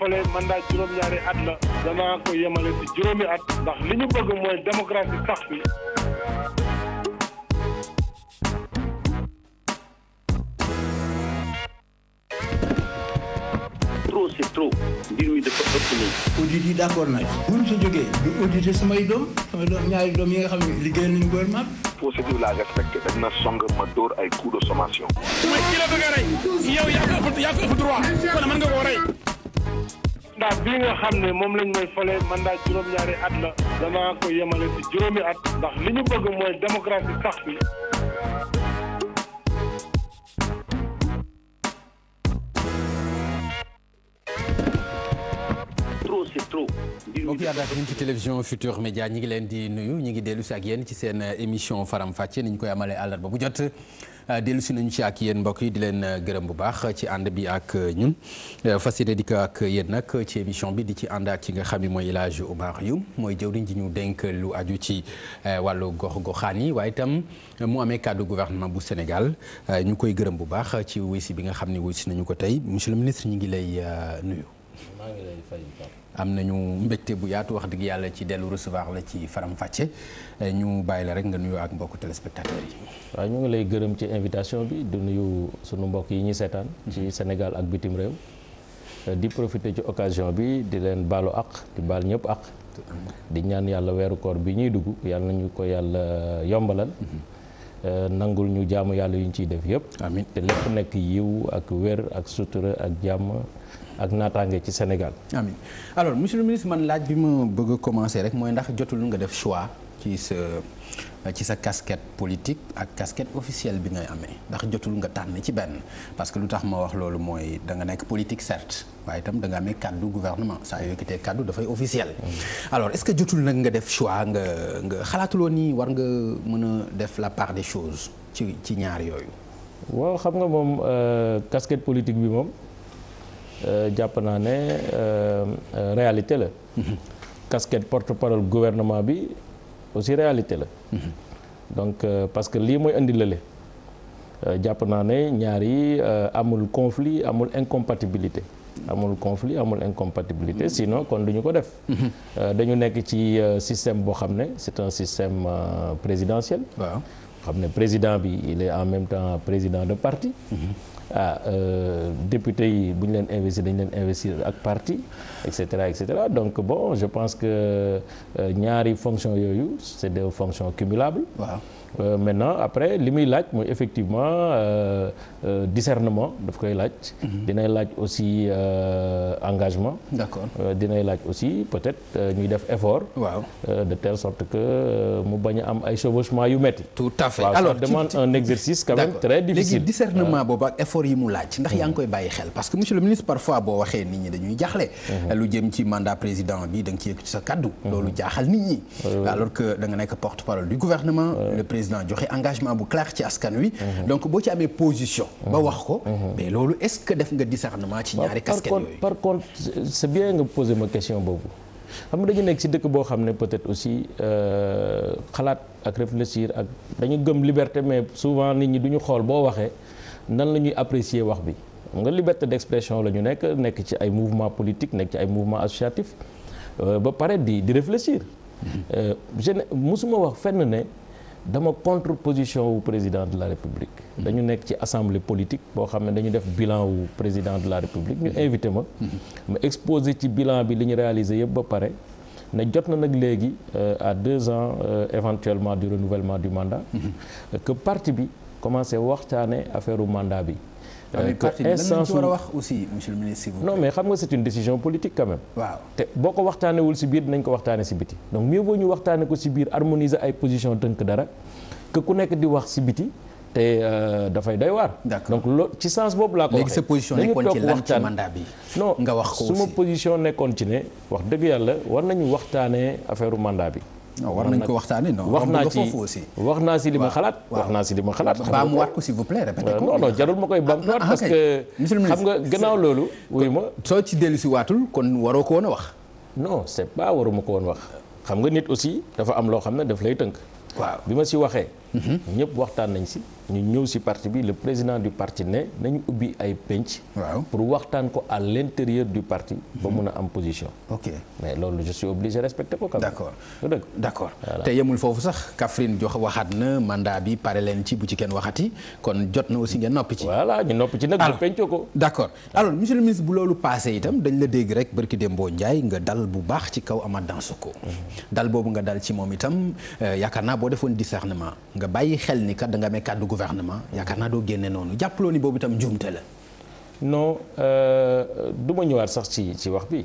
fale mandat juróom-ñaari at la danaa ko yemale ci juróomi at ndax li ñu bëgg mooy démocratie sax bi trop c'est trop mbir mi dafa ëpp léegi yi ñu sa jógee du auditer samay doom ñaari doom yi nga xam ne liggéey nañu gouvernement procédure laa respecté dañ song ma dóor ay coup de sommation mais ki la rey yow yaa ko ëpp yaa ko ëpp droit kon mën nga koo rey mandat bi moom lañ may fale mandat juróom-ñaari at la danaa ko yemale ci juróomi at ndax li ñu bëgg mooy démocratie sax bi mbokk yi ànd ak ñun ci télévision Futur Média ñi ngi leen di nuyu ñi ngi dellu si ak yéen ci seen émission faram fàcce ni ñu koy amalee àllarba bu jot Euh, dellu si nañu ci ak yéen mbokk yi di leen euh, gërëm bu baax ci ànd bi ak euh, ñun fas yéene di ko ak yéen nag ci émission bi di ci ànd ak ki nga xam ne mooy El Hadj Oumar Youm mooy jëwriñ ji ñu dénk lu aju ci wàllu gox-goxaan yi waaye itam mu amee kàddu gouvernement bu Sénégal ñu koy gërëm bu baax ci wuy si bi nga xam ne wuy si nañu ko tey monsieur le ministre ñu ngi lay nuyu. am nañu mbégte bu yaatu wax dëgg yàlla ci dellu recevoir la ci faram fàcce ñu bàyyi la rek nga nuyu ak mbokku téléspectateurs yi. waaw ñu ngi lay gërëm ci invitation bi di nuyu sunu mbokk yi ñuy seetaan. ci mhm. Sénégal ak bitim réew. Euh, di profiter ci occasion bi di leen baalu ak di baal ñëpp ak. Mhm. di ñaan yàlla weeru koor bi ñuy dugg yàlla ñu ko yàlla yombalal. Mhm. Euh, nangul ñu jàmm yàlla yu ñu ciy def yëpp. te lépp nekk yiw ak wér ak sutura ak jàmm. ak naataange ci Sénégal. amiin alors monsieur le ministre man laaj bi ma bëgg a commencer rek mooy ndax jotul nga def choix ci sa ci sa casquette politique ak casquette officielle bi ngay amee ndax jotul nga tànn ci benn parce que lu tax ma wax loolu mooy danga nekk politique certes waaye itam da nga amee kaddu gouvernement saa yoo yëkkatee kaddu dafay officiel. Mm. alors est-ce que jotul nag nga def choix nga nga xalaatuloo nii war nga mën a def la part des chose ci ci ñaar yooyu. waaw xam nga moom euh, casquette politique bi moom. Euh, jàpp naa ne euh, euh, réalité la. Mhm. casquette porte-parole gouvernement bi aussi réalité la. Mhm. donc parce que lii mooy indi lële jàpp naa ne ñaari amul conflit amul incompatibilité. amul conflit amul incompatibilité mhm. sinon kon duñu ko def. dañu nekk ci système boo xam ne c'est un système présidentiel. waaw xam ne président bi il est en même temps président de parti. ah euh, député yi bu ñu leen investir dañu leen investir ak parti et cetera donc bon je pense que euh, ñaari fonction yooyu c'est des fonction cumulables waaw Euh, maintenant après li muy laaj mooy effectivement euh, euh, discernement daf koy laaj. Mhm. dinay laaj aussi engagement. d'accord dinay laaj aussi peut-être ñuy def effort. waaw de telle sorte que mu bañ a am ay chevauchement yu metti tout à fait alors ça demande un exercice quand même très difficile. léegi discernement boobu ak effort yi mu laaj. ndax yaa ngi mhm. koy bàyyi xel parce que monsieur le ministre parfois boo waxee nit ñi dañuy jaaxle. Mhm. lu jëm ci mandat président bi da nga ci sa kaddu. loolu jaaxal nit da nga nekk président joxe engagement bu clair ci askan wi. donc boo ci amee position. ba wax ko. mais loolu est-ce que def nga discernement ci ñaari casquette yooyu par contre c'est bien nga poser ma question boobu. xam nga dañu nekk ci dëkk boo xam ne peut-être aussi euh, xalaat ak réfléchir ak dañu gëm liberté mais souvent nit ñi duñu xool boo waxee nan la ñuy apprécier wax bi xam nga liberté d'expression la ñu nekk nekk ci ay mouvement politique nekk ci ay mouvement associatif euh, ba pare di dama contreposition wu président de la république. dañu nekk ci assemblée politique boo xam ne dañu def bilan wu président de la république ñu mhm. invité ma. Mhm. ma exposé ci bilan bi li ñu réalisé yëpp ba pare. ne jot na nag léegi euh, à deux ans euh, éventuellement du renouvellement du mandat. Mhm. que parti bi commencé waxtaane affaire mandat bi. instance euh, war a wax aussi monsieur le mais xam nga c'est une décision politique quand même. waaw te boo ko waxtaanewul si biir dinañ ko waxtaane si biti. donc mieux vaut ñu waxtaane ko si biir harmoniser ay position tënk dara que ku nekk di wax si biti te euh, dafay doy waar. donc loolu ci sens boobu laa ko waxee. léegi sa position nekkoon ci lan ci mandat bi non su ma position nekkoon ci ne wax dëgg yàlla war nañu waxtaanee affaire mandat bi. non war nañ ko waxtaanee non wax naa ci wax naa si li ma xalaat. wax naa si li ma xalaat. baamuwaat ko s'il vous plaît répétez ko. non non jarul ma koy ah, baamuwaat. Ah, parce que xam nga gannaaw loolu. wuyu ma soo ci dellu waatul kon waroo ko woon a wax. non c'est pas waruma ko woon wax. xam nga nit aussi dafa am loo xam ne daf lay tënk. waaw bi ma si waxee. Mhm. ñëpp waxtaan nañ si ñu ñëw si parti bi le président du parti ne nañu ubbi ay penc. waaw pour waxtaan ko à l' intérieur du parti. ba mhm. mun a am position. ok mais loolu je suis obligé respecter ko. d' te yemul foofu sax Kaffrine jox waxaat na mandat bi pare leen ci bu ci kenn waxati kon jot na aussi ngeen noppi ci. voilà ñu noppi ci nag. alors pencoo ko d' accord alors monsieur le ministre bu loolu passé itam dañ la dégg rek barki Dembo Ndiaye nga dal bu baax ci kaw Amath Dansokho. Mhm. dal boobu nga dal ci moom itam euh, yaakaar boo defoon discernement. nga bàyyi xel ni kat da nga amee kàddu gouvernement yaakaar naa doo génne noonu jàppaloo ni boobu itam njuumte la. non euh, du ñëwaat sax ci ci wax bi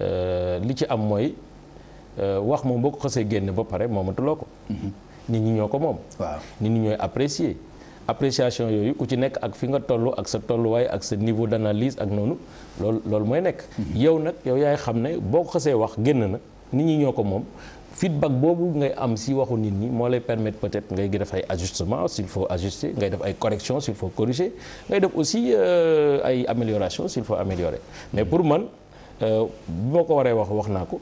euh, li ci am mooy euh, wax moom boo ko xasee génne ba pare moomatuloo ko. Mhm. nit ñi ñoo ko moom. waaw nit ñi ñooy apprécier. appréciation yooyu ku ci nekk ak fi nga toll ak sa tolluwaay ak sa niveau d'analyse ak noonu loolu loolu mooy nekk. Mhm. yow nag yow yaay xam ne boo ko xasee wax génn na nit ñi ñoo ko moom feedback boobu ngay am si waxu nit ñi moo lay permettre peut-être ngay def ay ajustement s'il faut ajuster ngay def ay correction s'il faut corriger ngay def aussi euh, ay amélioration s'il faut améliorer mais pour man euh, bi ma ko waree wax wax naa ko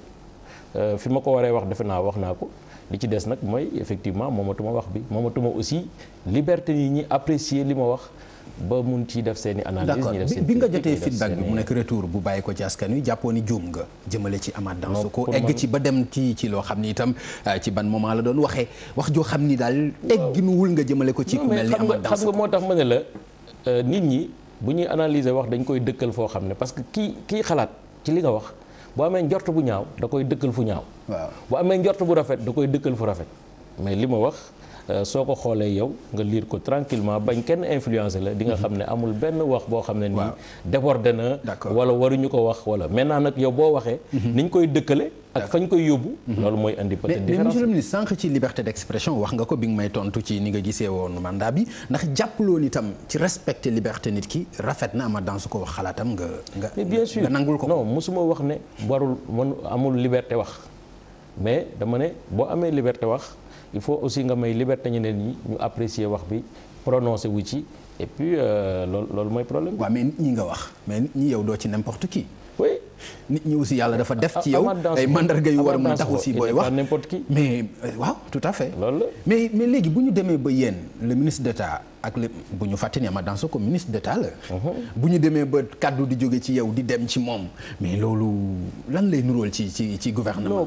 euh, fi ma ko waree wax defe naa wax naa ko li ci des nag mooy effectivement moomatuma wax bi moomatuma aussi liberté nit ñi apprécier li ma wax ba mun ci def seen i analyse ñu bi nga jotee feedback bi mu nekk retour bu bàyyi ko ci askan wi jàppoo ni juum nga jëmale ci Amath ko egg ci ba dem ci ci loo xam ni itam euh, ci ban moment la doon waxee wax joo xam ni daal tegginuwul nga jëmale ko ci ku mel ni Amath Dansokho xam nga moo tax ma ne la euh, nit ñi bu ñuy analyser wax dañ koy dëkkal foo xam ne parce que kii kii xalaat ci li nga wax boo amee njort bu ñaaw da koy dëkkal fu ñaaw boo amee njort bu rafet da koy dëkkal fu rafet mais Euh, soo ko xoolee yow nga liir ko tranquillement bañ kenn influencer la di nga xam ne amul benn wax boo xam ne nii déborde na wala waruñu ko wax wala maintenant nag yow boo waxee mhm. niñ koy dëkkale ak fañ koy yóbbu mhm. loolu mooy indi peut-être différence sànq ci liberté d'expression wax nga ko bi nga may tontu ci ni nga gisee woon mandat bi ndax jàppaloon itam ci respecter liberté nit ki rafet na ama dans su ko wax xalaatam nga nga bien sûr nga nangul ko non mosuma wax ne warul man amul liberté wax mais dama ne boo amee liberté wax il faut aussi nga may liberté ñeneen ñi ñu apprécier wax bi prononcé wu ci et puis euh, loolu loolu mooy problème bi. waaw mais nit ñi nga wax mais nit ñi yow doo ci n'importe qui. oui nit ñi aussi yàlla dafa def ci yow ay mandarga yu war a mën a tax aussi booy wax mais euh, waaw tout à fait loolu mais mais léegi bu ñu demee ba yéen le ministre d'État ak le bu ñu fàttani ne ma dans ce ko ministre d'État la mhm. bu ñu demee ba kàddu di jóge ci yow di dem ci moom mais loolu lan lay nuróol ci ci ci gouvernement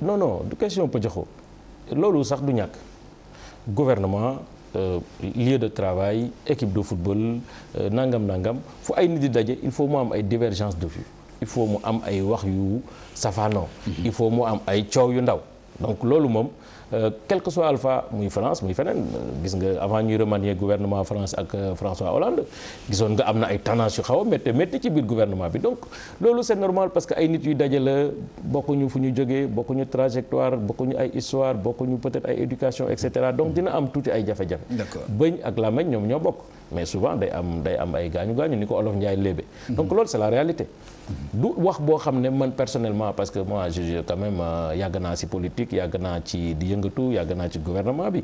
non non du question pëccaxoo loolu sax du ñàkk gouvernement euh, lieu de travail équipe de football euh, nangam nangam fu ay nit di daje il faut mu am ay divergence de vue il faut mu am ay wax yu safaanoo mhm. il faut mu am ay coow yu ndaw donc loolu moom Euh, quel que soit Alpha muy France muy feneen gis nga avant ñuy remanier gouvernement France ak euh, François Hollande gisoon nga am na ay tendance yu xaw a métti métti ci biir gouvernement bi donc loolu c'est normal parce que ay nit yu daje bokkuñu fu ñu jógee bokkuñu trajectoire bokkuñu ay histoire bokkuñu peut-être ay éducation et cetera donc dina am tuuti ay jafe-jafe. D'accord bëñ ak làmmiñ ñoom ñoo bokk. mais souvent day am day am ay gaañu gaañu ni ko olof Ndiaye léebe. donc loolu c'est la réalité. du wax boo xam ne man personnellement parce que moi je quand même euh, yàgg naa si politique yàgg naa ci di yëngatu yàgg naa ci gouvernement bi.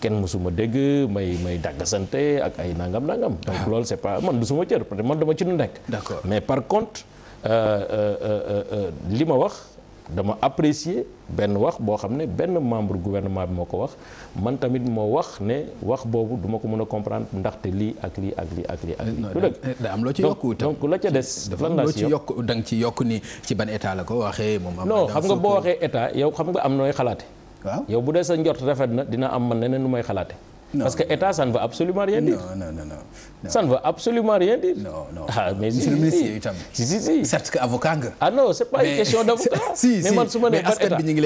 kenn mësuma dégg may may dàggasante ak ay nangam nangam. donc ah. loolu c'est pas man du suma cër peut-être man dama ci nu nekk. d'accord mais par contre euh, euh, li ma wax. dama apprécier benn wax boo xam ne benn membre gouvernement bi moo ko wax man tamit moo wax ne wax boobu duma ko mën a comprendre ndaxte lii ak lii ak lii ak lii ak lii. du dëgg da am loo ci yokku donc la ca des. lan laa ci yokk nga ci yokk ni ci ban état la ko waxee. moom am xam nga boo waxee état yow xam nga am nooy xalaate. waaw yow bu dee sa njort rafet na dina am man leneen nu may xalaate. Parce que l'État, ça ne veut absolument rien dire. Non, non, non. non. Ça ne veut absolument rien dire. Non, non. Ah, mais Monsieur si, le ministre, si, si, si, si. Certes qu'avocat. Ah non, ce n'est pas mais... question d'avocat. si, si. Mais moi, je me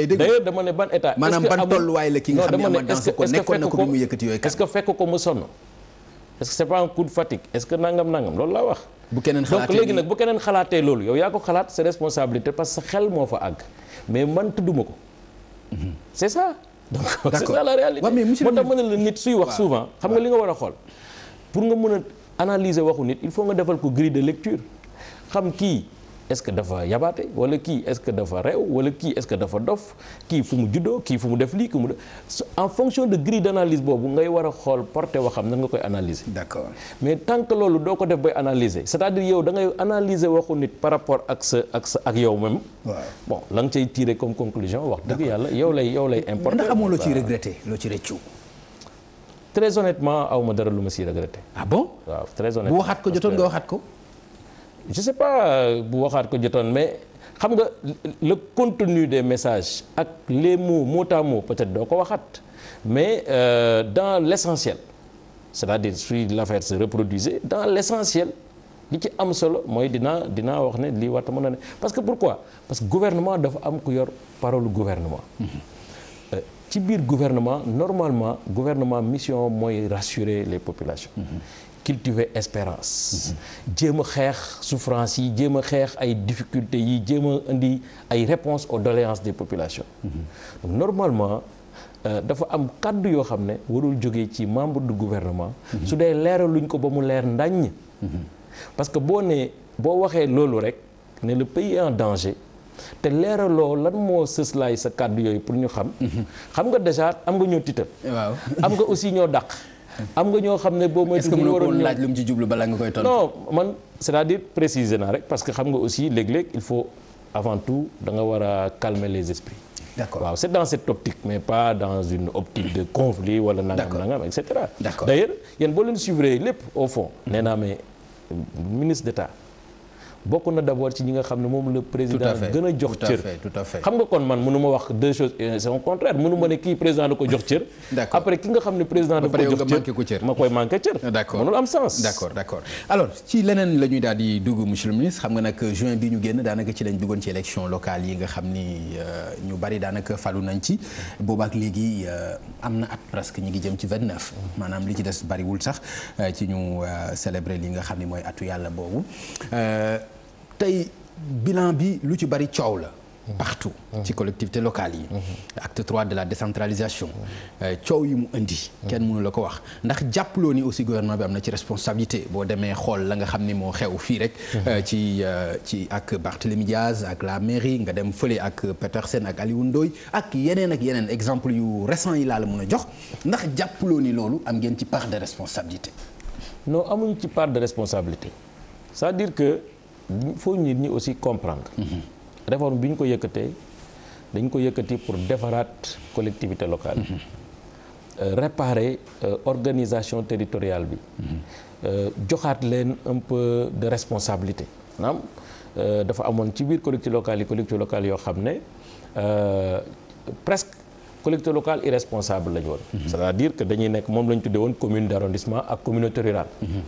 dis D'ailleurs, je me dis bon État. Madame Bantolwaï, le King Hamia, dans ce qu'on est, qu'on est comme est que fait que comme sonne est que ce pas un coup fatigue est que nangam nangam Lol la wax. bu léegi nag bu keneen xalaatee loolu yow yaa ko xalaat c'est responsabilité parce que sa xel moo fa àgg mais donc c'est ça la réalité moo tax ma ne la nit suy wax souvent xam nga li nga war a xool pour nga mën a analyser waxu nit il faut nga defal ko gride de lecture xam kii est-ce que dafa yabaate wala kii est-ce que dafa réew wala kii est-ce que dafa dof kii fu mu juddoo kii fu mu def lii ku mu en fonction de grille d'analyse boobu ngay war a xool porté waxam nan nga koy analyser. d'accord mais tant que loolu doo ko def bay analyser c'est-à-dire yow da ngay analyser waxu nit par rapport ak sa ak sa ak yow même. waaw bon la nga cay tirer comme conclusion wax dëgg yàlla yow lay yow lay. importé ndax amoo loo ciy regretté loo ciy rëccu. très honnêtement aw ma dara lu ma siy regretté. ah ko jotoon nga waxaat ko. je sais pas euh, bu waxaat ko jotoon mais xam nga le contenu des messages ak les mots mot à peut-être doo ko waxaat mais euh, dans l'essentiel c'est-à-dire si l'affaire se reproduisait dans l'essentiel li ci am solo mooy dinaa dinaa wax ne lii warta mën na ne parce que pourquoi parce que gouvernement dafa am ku yor parole gouvernement mm-hmm. euh, ci biir gouvernement normalement gouvernement mission mooy rassurer les populations mm-hmm. cultiver espérance. jéem a xeex souffrance yi jéem a xeex ay difficultés yi jéem a indi ay réponses aux doléances des population donc normalement euh, dafa am kàddu yoo xam ne warul jóge ci membre du gouvernement. su dee leeraluñ ko ba mu leer ndàññ. parce que boo nee boo waxee loolu rek ne le pays en danger. te leeraloo lan moo sëslaay sa kàddu yooyu pour ñu xam. Mhm. xam nga déjà am nga ñoo tiital. waaw am nga aussi ñoo dàq. am nga ñoo xam ne boo moytu. est-ce laaj lu mu ci jublu balaa nga koy tontu. non man c'est-à-dire préciser naa rek parce que xam nga aussi léeg-léeg il faut avant tout da nga war a calmer les esprits. d'accord waaw c'est dans cette optique mais pas dans une optique de conflit wala nangam nangam et cetera. d'accord d'ailleurs yéen boo leen suivre lépp au fond. nee naa mais ministre d'État. bokk na d' abord ci ñi nga xam ne moom le président gën a jox cër xam nga kon man mënu ma wax deux choses c' au contraire mënu ma ne kii président da ko jox cër après ki nga xam ne président da ko jox cër ma koy manqué cër mënul am sens d' accord d' accord alors ci leneen la daal di dugg monsieur ministre xam nga nag euh, juin bi ñu génn daanaka ci lañ duggoon ci élection locale yi nga xam ni euh, ñu bari daanaka falu nañ ci boobaak léegi euh, am na at presque ñi ngi jëm ci 29 maanaam li ci des bariwul sax ci ñu célébrer li nga xam ni mooy atu yàlla boobu tey bilan bi lu ci bari coow la. partout mhm. ci collectivité locales yi. Mhm. acte trois de la décentralisation. Euh, coow yi mu indi. kenn mënu la ko wax ndax jàppaloo ni aussi gouvernement bi am na ci responsabilité boo demee xool la nga xam ni moo xew fii rek. Mhm. Euh, ci euh, ci ak Barthélémy Diaz ak la mairie nga dem fële ak Petersen ak Aliou Ndoye ak yeneen ak yeneen exemple yu récent yi laa la mën a jox ndax jàppaloo ni loolu am ngeen ci part de responsabilité. non amuñu ci part de responsabilité cest il faut nit ñi aussi comprendre. réforme bi ñu ko yëkkatee dañ ko yëkkati pour defaraat collectivité locale bi. Euh, euh, organisation territoriale bi. Euh, joxaat leen un peu de responsabilité. dafa amoon ci biir collectivité locale yi collectivité locale yoo xam ne presque collectivité locale irresponsable la ñu woon. Mhm. c'est-à-dire que dañuy nekk moom la ñu tuddee woon commune d'arrondissement ak communauté rurale. Mhm.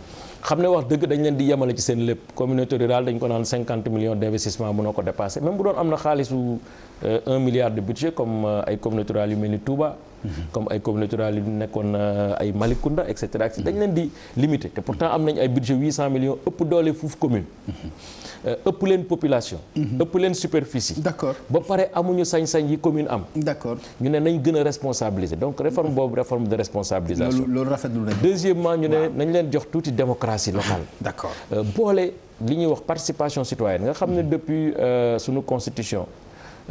xam ne wax dëgg dañ leen di yemale ci seen lépp communauté rurale dañ ko naan cinquante millions d'investissement mënoo ko dépasser même bu doon am na xaalisu Euh, un milliard de budget comme euh, ay communauté rurale yu mel ni Touba. Mhm. comme ay communauté rurale yu nekkoon euh, ay Malicounda et cetera dañ mhm. leen di limité te pourtant am nañ ay budget cent millions ëpp doole fuuf commune. Mhm. ëpp leen population. ëpp leen superficie. d'accord ba pare amuñu sañ-sañ yi commune am. d'accord ñu ne nañ gën a responsabiliser donc réforme boobu réforme de responsabilisation. loolu loolu rafetlu nañ deuxièmement ñu ne nañ leen jox tuuti démocratie locale. d'accord boole li ñuy wax participation citoyenne nga xam ne depuis sunu constitution.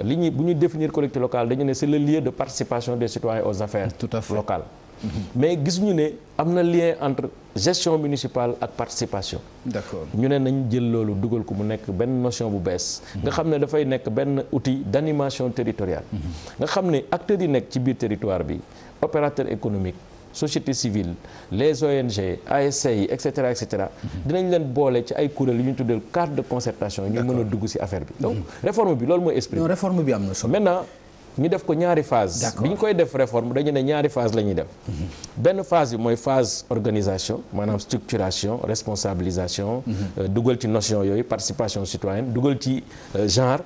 li ñu bu ñuy définir collectivité locale dañu ne c'est le lieu de participation des citoyens aux affaires Tout à mhm. mais gis ñu ne am na lien entre gestion municipale ak participation d'accord ñu ne nañ jël loolu dugal ko mu nekk benn notion bu bees mhm. nga xam ne dafay nekk benn outil d'animation teritoriale mhm. nga xam ne acteur yi nekk ci biir territoire bi opérateur économique société civile les ONG ASCI et cetera cetera dinañ leen boole ci ay kuréel yu ñu tuddee cadre de concertation ñu mën a dugg ci affaire bi donc réforme bi loolu mooy esprit réforme bi am na solo ñu def ko ñaari phase bi ñu koy def réforme dañu ne ñaari phase lañuy def mhm. benn phase yi mooy phase organisation maanaam structuration responsabilisation mhm. euh, dugal ci notion yooyu participation citoyenne dugal ci euh, genre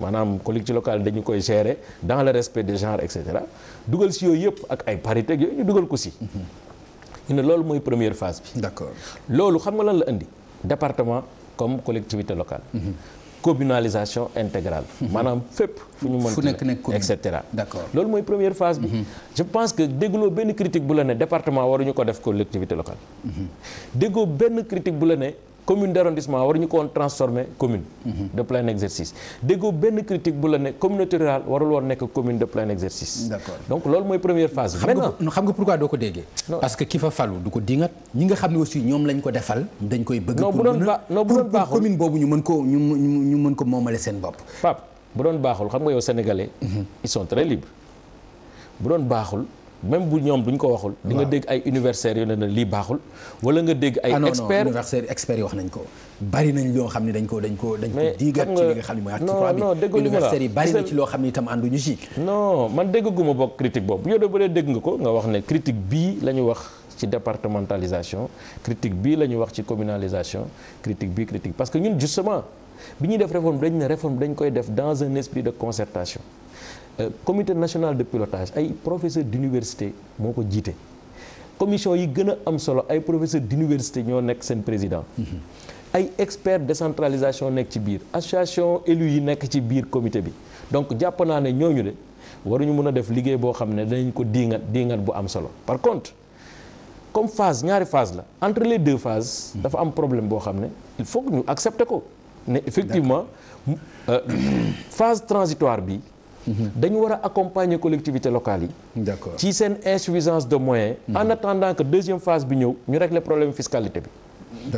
maanaam collectivité locale dañu koy gérer dans le respect de genre et cetera dugal si yooyu yëpp ak ay parité yooyu ñu dugal ko si. ñu ne loolu mooy première phase bi. d'accord loolu xam nga lan la indi département comme collectivité locale. communalisation intégrale. maanaam fépp fu ñu mën. fu nekk nekk commune et cetera. d'accord loolu mooy première phase bi. Mhm. je pense que dégguloo benn critique bu la ne département waruñu ko def collectivité locale. déggoo benn critique bu la ne. commune d'arrondissement waruñu ko woon transformer commune. Mhm. de plein exercice déggoo benn critique bu la ne communauté commune de plein exercice. donc loolu mooy première phase. maintenant xam nga pourquoi doo ko déggee. parce que ki fa falu du ko dingat ñi nga xam ne aussi ñoom lañ ko defal. dañ koy bëgg pour pour commune boobu ñu mën ko ñu ñu mën ko moomale seen bopp. Pape bu doon baaxul xam nga yow sénégalais. Mhm. ils sont très libres bu doon baaxul. même bu ñoom duñ ko waxul. di nga dégg ay universitaires yu ne lii baaxul. wala nga dégg ay. Ah experts universitaires experts yi wax nañ ko. bari nañ loo xam ne dañ ko dañ ko dañ ko diigaat ci li nga xam ne mooy. non non dégg universitaires yi bari ci loo xam ne itam ànduñu ci. non man dégguma bokk critique boobu yow de bu dee dégg nga ko nga wax ne critique bii la ñu wax. ci départementalisation critique bii la ñuy wax ci communalisation critique bii critique parce que ñun justement bi ñuy def réforme dañ ne réforme dañ koy def dans un de concertation Euh, comité national de pilotage ay professeur d'université moo ko jiite commission yi gën a am solo ay professeur d'université ñoo nekk seen président mhm. ay expert décentralisation nekk ci biir association élus yi nekk ci biir comité bi donc jàpp naa ne ñooñu de waruñu mun a def liggéey boo xam ne danañ ko diingat diingat bu am solo par contre comme phase ñaari phase la entre les deux phases mhm. dafa am problème boo xam ne il faut que ñu accepter ko ne effectivement euh, phase transitoire bi dañu war a accompagner collectivités locale yi. d'accord ci seen insuffisance de moyens. Mhm. en attendant que deuxième phase bi ñëw ñu régler problème fiscalité bi.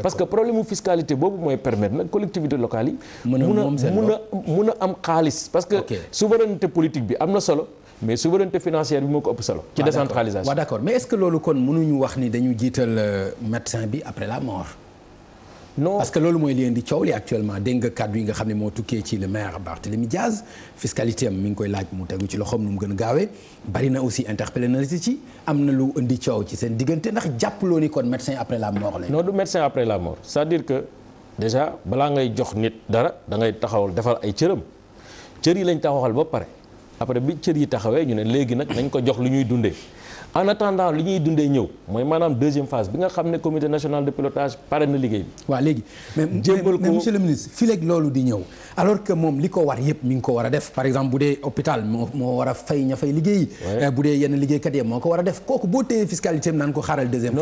parce que problème mu fiscalité boobu mooy permettre nag collectivités locales yi. mën a mun a mun a am xaalis. parce que souveraineté politique bi am na solo. mais souveraineté financière bi moo ko ëpp solo. ci ah, décentralisation waaw d'accord mais est-ce que loolu kon mënuñu wax ni dañu jiital euh, médecin bi après la mort. non parce que loolu mooy li indi coow li actuellement dégg nga kàddu yi nga xam ne moo tukkee ci le maire Barthélémy Diaz fiscalité am ngi koy laaj mu tegu ci loxoom nu mu gën a gaawee bari na aussi interpellé ci am na lu indi coow ci seen diggante ndax jàppaloo ni kon médecin après la mort la. non du médecin après la mort c'est-à-dire que déjà balaa ngay jox nit dara dangay ngay taxawal defal ay cëram cër yi lañ taxawal ba pare. après bi cër yi taxawee ñu ne léegi nag nañ ko jox lu ñuy dundee en attendant li ñuy dundee ñëw mooy maanaam deuxième phase bi nga xam ne comité national de pilotage pare na liggéey bi. waaw léegi mais mais monsieur le ministre fileeg loolu di ñëw alors que moom li ko war yëpp mi ngi ko war a def par exemple bu dee hôpital moo war a fay ña fay liggéeyi. Euh, bu dee yenn liggéeykat yi moo ko war a def kooku boo téye fiscalité bi naan ko xaaral deuxième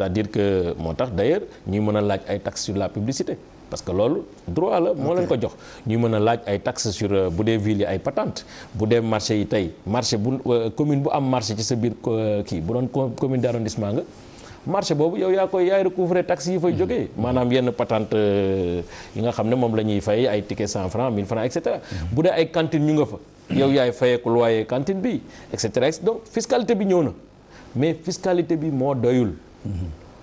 c'est-à-dire que moo tax d'ailleurs ñuy mën a laaj ay taxes sur la publicité parce que loolu droit la moo leen ko jox ñuy mën a laaj ay taxes sur euh, bu dee ville yi ay patante bu dee marché yi tey marché bu euh, commune bu am marché ci sa biir euh, kii bu doon commune d'arrondissement nga marché boobu yow yaa koy yaay recouvrer taxes yi fay mm-hmm. jógee maanaam yenn patante yi nga xam ne moom la ñuy fay ay ticket cent francs mille francs et cetera mm-hmm. bu dee ay cantine ñu nga fa yow yaay fayeeku loyer cantine bi et cetera donc fiscalité bi ñëw na mais fiscalité bi moo doyul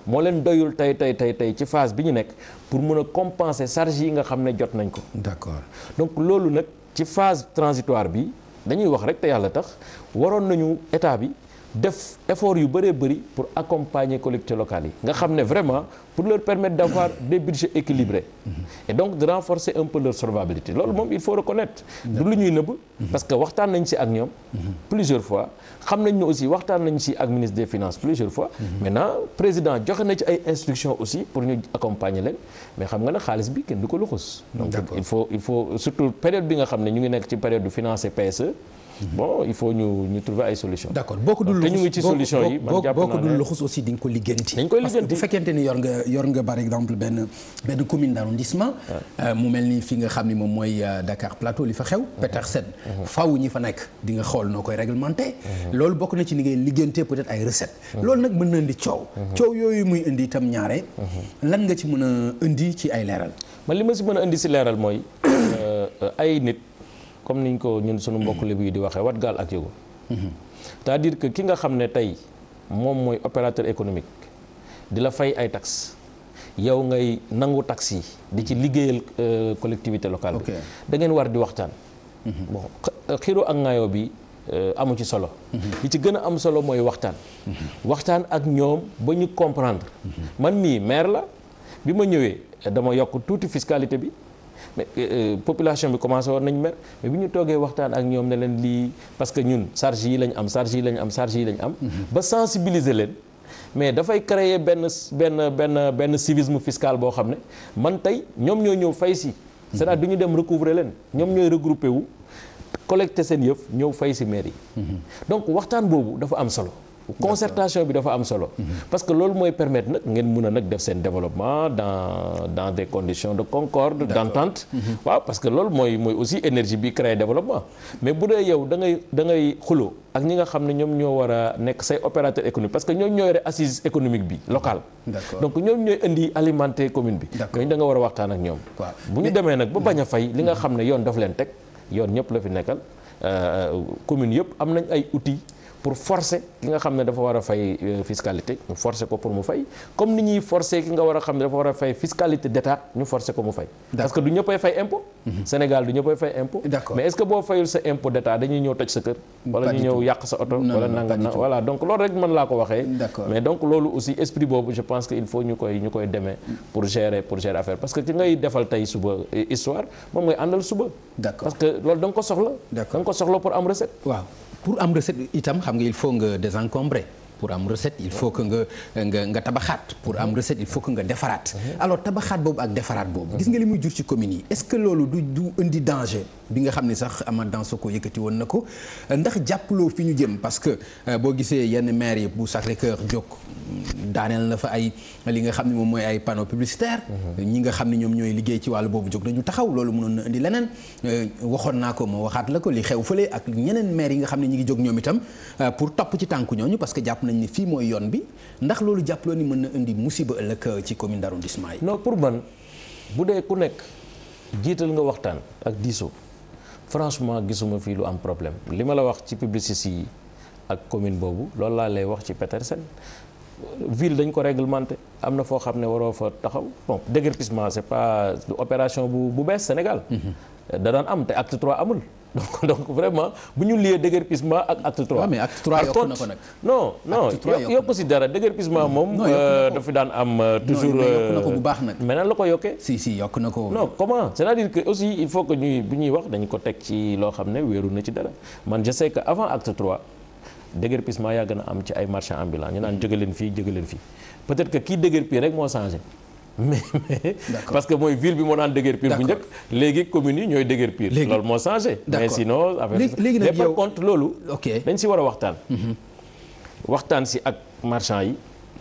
moo leen doyul tey tey tey tey ci phase bi ñu nekk pour mun a compenser charge yi nga xam ne jot nañ ko. d'accord donc loolu nag ci phase transitoire bi dañuy wax rek te yàlla tax waroon nañu état bi. def effort yu bëree bëri pour accompagner collectivités local yi nga xam ne vraiment pour leur permettre d'avoir des budgets équilibrés mm-hmm. et donc de renforcer un peu leur solvabilité loolu moom il faut reconnaître mm-hmm. du lu ñuy nëbb parce que waxtaan nañ ci ak ñoom mm-hmm. plusieurs fois xam nañ ne aussi waxtaan nañ si ak ministre des finances plusieurs fois maintenant président joxe na ci ay instructions aussi pour ñu accompagner leen mais xam nga ne xaalis bi kenn du ko luxus donc il faut il faut surtout période bi nga xam ne ñu ngi nekk ci période du financer PSE bon il faut ñu ñu trouver ay solution d'accord boo ko dul ñu ngi ci solution yi man jàpp naa boo luxus aussi di nga ko liggéenti dañ koy fekkente ni yor nga yor nga par exemple benn commune d'arrondissement euh, mu mel ni fi nga xam ni moom mooy euh, Dakar Plateau li fa xew Petersen faaw ñi fa nekk di nga xool noo koy réglementé loolu bokk na ci ni ngay liggéente peut-être ay recette loolu nag mën na indi coow coow yooyu muy indi itam ñaare lan nga ci mën a indi ci ay leeral man li ma si mën a indi si mooy euh, ay nit comme ni ñu ko ñun sunu mbokk Lebu yi di waxee wat gaal ak yëgu cest que ki nga xam ne tey moom mooy opérateur économique di la fay ay taxes yow ngay nangu taxes yi di ci liggéeyal euh, collectivité locale bi da ngeen war di waxtaan mhm. bon ak ŋaayoo bi euh, amu ci solo mhm. li ci gën a am solo mooy waxtaan mhm. waxtaan ak ñoom ba ñu comprendre man mii maire la bi ma ñëwee dama yokk tuuti fiscalité bi mais euh, euh, population bi commencé war nañu mer bi ñu toogee waxtaan ak ñoom ne leen lii parce que ñun charge yi lañ am charge yi lañ am charge yi am. Mhm. ba sensibiliser leen. mais dafay créer benn benn benn benn civisme fiscal boo xam ne man tey ñoom ñoo ñëw fay si. cest à du ñu dem recouvrer leen ñoom ñooy regroupé wu collecté seen yëf ñëw fay si maire yi. Mhm. donc waxtaan boobu dafa am solo. concertation bi dafa am solo. Mhm. parce que loolu mooy permettre nag ngeen mun a nag def seen développement dans dans des conditions de concorde d'entente mhm. waaw parce que loolu mooy mooy aussi énergie bi créer développement mais bu dee yow da ngay da ngay xuloo ak ñi nga xam ne ñoom ñoo war a nekk say opérateur économique parce que ñoom ñoo yore assise économique bi locale donc ñoom ñooy indi alimenter commune bi ñooñu danga war a waxtaan ak ñoom bu ñu demee nag ba fay li nga mhm. xam ne yoon daf leen teg yoon ñëpp la fi nekkal euh, euh, commune yëpp am nañ ay outils pour force ki nga xam ne dafa war a fay euh, fiscalité ñu forcer ko pour mu fay comme ni ñuy forcer ki nga war a xam ne dafa war a fay fiscalité d'état ñu forcer ko mu fay. parce que du ñëppay fay impôt. Mhm. Sénégal du ñëppay fay impôt. mais est boo fayul sa impôt d'état dañuy ñëw toj sa kër. wala ñu ñëw yàq sa oto. wala nangam na voilà donc loolu rek mën laa ko waxee. mais donc loolu aussi esprit boobu je pense que il faut ñu koy ñu koy demee pour gérer pour gérer affaire parce ngay defal tey suba euh, histoire moom ngay àndal suba. parce loolu da nga ko soxla. da nga ko pour am se itam xam nga il faut nga désencombrer pour am recette il faut que nga nga nga tabaxaat pour am recette il faut que nga defaraat mhm. alors tabaxaat boobu ak defaraat boobu gis nga li muy jur ci communes est-ce que loolu du du indi danger bi nga xam ne sax ama Amath Dansokho yëkkati woon na ko ndax jàppaloo fi ñu jëm parce que euh, boo gisee yenn maire yi bu Sacré-Cœur jóg daaneel na fa ay li nga xam ne moom mooy ay panneaux publicitaires mhm. ñi nga xam ne ñoom ñooy liggéey ci wàllu boobu jóg nañu taxaw loolu mënoon na indi leneen euh, waxoon naa ko moo waxaat la ko li xew fële ak ñeneen maire yi nga xam ne ñi ngi jóg ñoom itam euh, nañ ni fii mooy yoon bi ndax loolu jàppaloo ni mën na indi musiba ëllëg euh, ci commune d'arrondissement yi. non pour man bu dee ku nekk jiital nga waxtaan ak diisoo franchement gisuma fii lu am problème li ma la wax ci publicité yi ak commune boobu loolu laa lay wax ci Petersen ville dañ ko réglementé am na foo xam ne waroo fa taxaw bon déguerpissement c'est pas opération bu bu bees Sénégal. Mhm. da daan am te acte trois amul. donc donc vraiment bu ñu lié déguerpissement ak acte 3. waaw mais acte na ko nag. non non si dara déguerpissement mm. moom. Euh, dafa daan am euh, toujours. non euh, yokku na ko bu baax nag. mais nan la ko yokkee. si si yokku na ko. non comment c'est-à-dire que aussi il faut que ñuy bu ñuy wax dañu ko teg ci loo xam ne wéeru na ci dara man je sais que avant acte 3 déguerpissement yaa gën a am ci ay marchands ambulants ñu naan jóge leen fii jóge leen fii peut-être que kii déguerpi rek moo changé. mais mais parce que mooy ville bi moo daan dëgër piir bu njëkk. léegi communes yi ñooy dëgër piir. léegi loolu moo changé. mais sinon affaire léegi nag yow par contre loolu. si waxtaan. Mhm. waxtaan si ak marchand yi.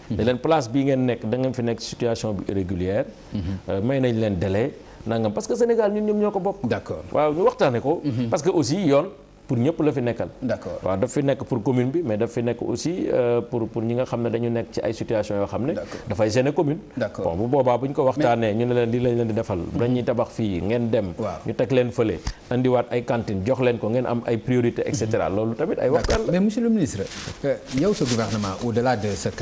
Mhm. ne leen place bii ngeen nekk da ngeen fi nekk situation bi irrégulière. Mhm. Euh, may nañ leen délai nangam parce que Sénégal ñun ñoom ñoo ko bokk. d'accord waaw ñu waxtaanee ko. parce que aussi yoon. pour ñëpp la fi nekkal. d'accord waaw daf fi nekk pour commune bi mais daf fi nekk aussi euh, pour ñi nga xam ne dañu nekk ci ay situation yoo xam ne. dafay gêner commune. bon bu boobaa bu ñu ko waxtaanee ñu ne leen lii lañ leen di defal. Mm-hmm. dañuy tabax fii ngeen dem. ñu teg leen fële. andiwaat ay cantine jox leen ko ngeen am ay priorité et cetera mm-hmm. loolu tamit ay waxtaan la. mais monsieur le ministre euh, sa gouvernement au delà de sa bi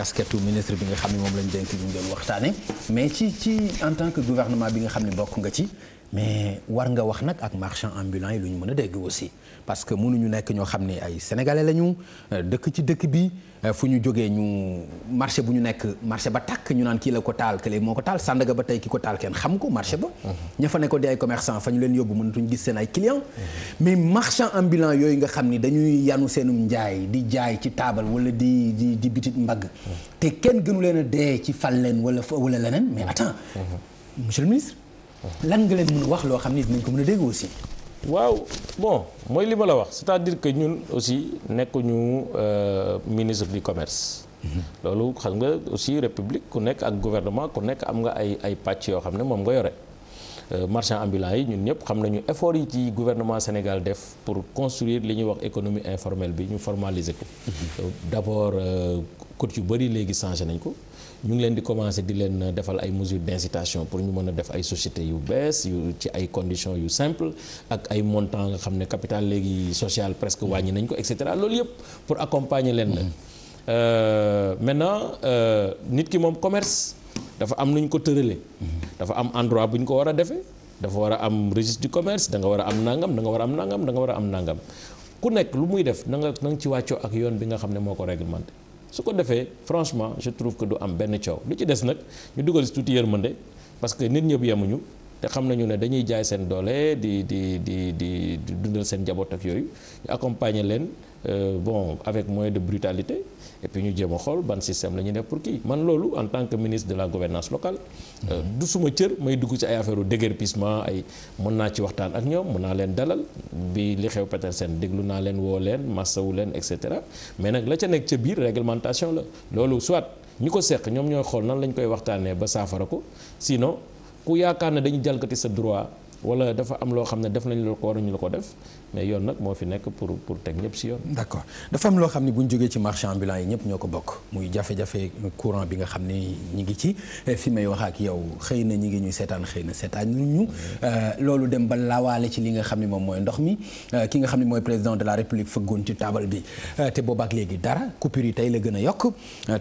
nga xam ne moom lañ dénk li ñu doon waxtaanee mais ci ci en tant que gouvernement bi nga xam ne bokk nga ci. mais war nga wax nag ak marchand ambulant yi lu ñu mën a dégg aussi parce que munuñu nekk ñoo xam ne ay sénégalais lañu euh, dëkk ci dëkk bi euh, fu ñu jógee ñu marché bu ñu nekk marché ba tàkk ñu naan kii la ko taal kële moo ko taal Sandaga ba tey ko taal kenn xam ko marché ba. Mhm. ña fa nekkoon di ay commerçant fa leen yóbbu mënatuñ gis seen ay mhm. mais marchand ambulant yooyu nga xam ni dañuy yanu seenum njaay di jaay ci taabal wala di di di bitit mbagg. Mhm. kenn gënu leen a dee ci fal leen wala wala leneen mais attends monsieur lan nga leen mën a wax loo xam ni dinañ ko mën a dégg aussi. waaw bon mooy li ma la wax c'est-à-dire que ñun aussi nekku nekkuñu euh, ministre du commerce. Mhm. loolu xam nga aussi république ku nekk ak gouvernement ku nekk am nga ay ay pàcc yoo xam ne moom nga yore. Euh, marchan ambulant yi ñun ñëpp xam nañu effort yi ci gouvernement Sénégal def pour construire li ñuy wax économie informelle bi ñu formaliser ko. Mhm. Euh, d'abord code yu bari léegi changé nañ ko. ñu ngi leen di commencer di leen defal ay mesures d'incitation pour ñu mën a def ay sociétés yu bees yu ci ay conditions yu simple ak ay montants nga xam ne capital léegi social presque wàññi nañ ko et cetera loolu yëpp pour accompagner leen la mm-hmm. euh, maintenant euh, nit ki moom commerce dafa am nu ko tëralee. Mm-hmm. dafa am endroit bu ñu ko war a defee dafa war a am registre commerce da nga war am nangam da nga war a am nangam da war a am nangam ku nekk lu muy def na nga ci wàccoo ak yoon bi nga xam ne moo ko réglementé. su ko defee franchement je trouve que du am benn coow lu ci des nag ñu dugal si tuuti yërmande parce que nit ñëpp yemuñu te xam nañu ne dañuy jaay seen doole di di di di dundal seen njaboot yooyu ñu accompagner leen euh, bon avec moyen de brutalité et ñu jéem a xool ban système la ñu ne pour kii man loolu en tant que ministre de la gouvernance locale euh, mm-hmm. du suma cër may dugg ci ay affaire u déguerpissement ay mën naa ci waxtaan ak ñoom mën naa leen dalal bi li xew Petersen déglu naa leen woo leen massawu leen et cetera mais nag la ca nekk ca biir réglementation la loolu soit ñi ko seq ñoom ñooy xool nan lañ koy waxtaanee ba saafara ko sinon ku yaakaar ne dañu jalkati sa droit wala dafa am loo xam ne def nañ la ko waruñu la ko def mais yoon nag moo fi nekk pour pour teg ñëpp si yoon. d'accord dafa am xam ne bu ñu jógee ci marché ambulant yi ko bokk muy jafe-jafe bi nga xam ne ñi ngi ci fi may wax ak yow xëy na ñi ngi ñuy seetaan xëy na seetaan ñu euh, loolu dem ba laawaale ci li nga xam ne moom mooy ndox mi euh, ki nga xam ne mooy président de la république fëggoon ci bi euh, te boobaak léegi dara coupure yi tey la gën a yokk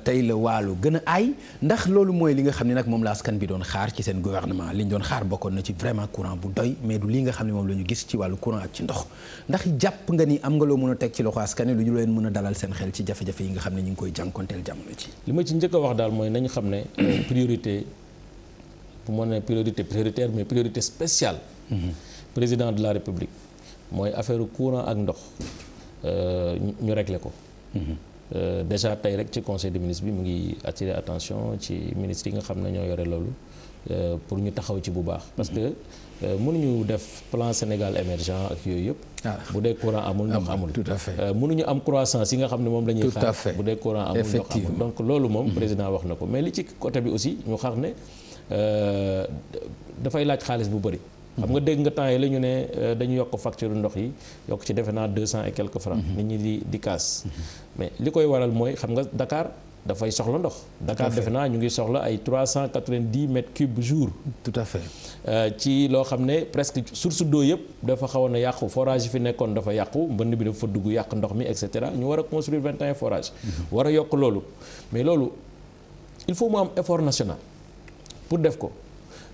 tey la waalu gën a aay ndax loolu mooy li nga xam ne nag moom la askan bi doon xaar ci seen gouvernement li ñu doon xaar bokkoon na ci vraiment courant bu doy mais du nga xam ne moom la ñu gis ci wàllu courant ak ci ndox ndax jàpp nga ni am nga loo mën a teg ci loxo askan wi lu ñu leen mën a dalal seen xel ci jafe-jafe yi nga xam ne ñu ngi koy jànkonteel jamono ci li ma ci njëkk wax daal mooy nañu xam ne priorité bu ma nee priorité prioritaire mais priorité spéciale mhm. président de la république mooy affaire courant ak ndox euh, ñu régler ko mhm. euh, déjà tey rek ci conseil des ministres bi mu ngi attirer attention ci ministres yi nga xam ne ñoo yore loolu euh, pour ñu taxaw ci bu baax Euh, mënuñu def plan Sénégal émergent ak yooyu yëpp. Ah. bu dee courant amul ndox amul. tout à fait euh, mënuñu am croissance yi nga xam ne moom la ñuy xaar bu dee courant amul ndox amul donc loolu moom mhm. président wax na ko mais li ci côté bi aussi ñu xaar ne euh, dafay laaj xaalis bu bëri. xam nga mhm. dégg nga temps yi la ñu ne dañu yokk facture ndox yi yokk ci defe naa deux cent et quelques francs. Mhm. nit ñi di di kaas. mais li koy waral mooy xam nga Dakar. dafay soxla ndox. Dakar defe naa ñu ngi soxla ay cent 390 mètres cubes jour. tout à fait euh, ci loo xam ne presque source d'eau yëpp dafa xawoon na yàqu forage yi fi nekkoon dafa yàqu mbënn bi dafa fa dugg yàq ndox mi et cetera ñu war a construire 21 forages. Mhm. war a yokk loolu mais loolu il faut mu am effort national pour def ko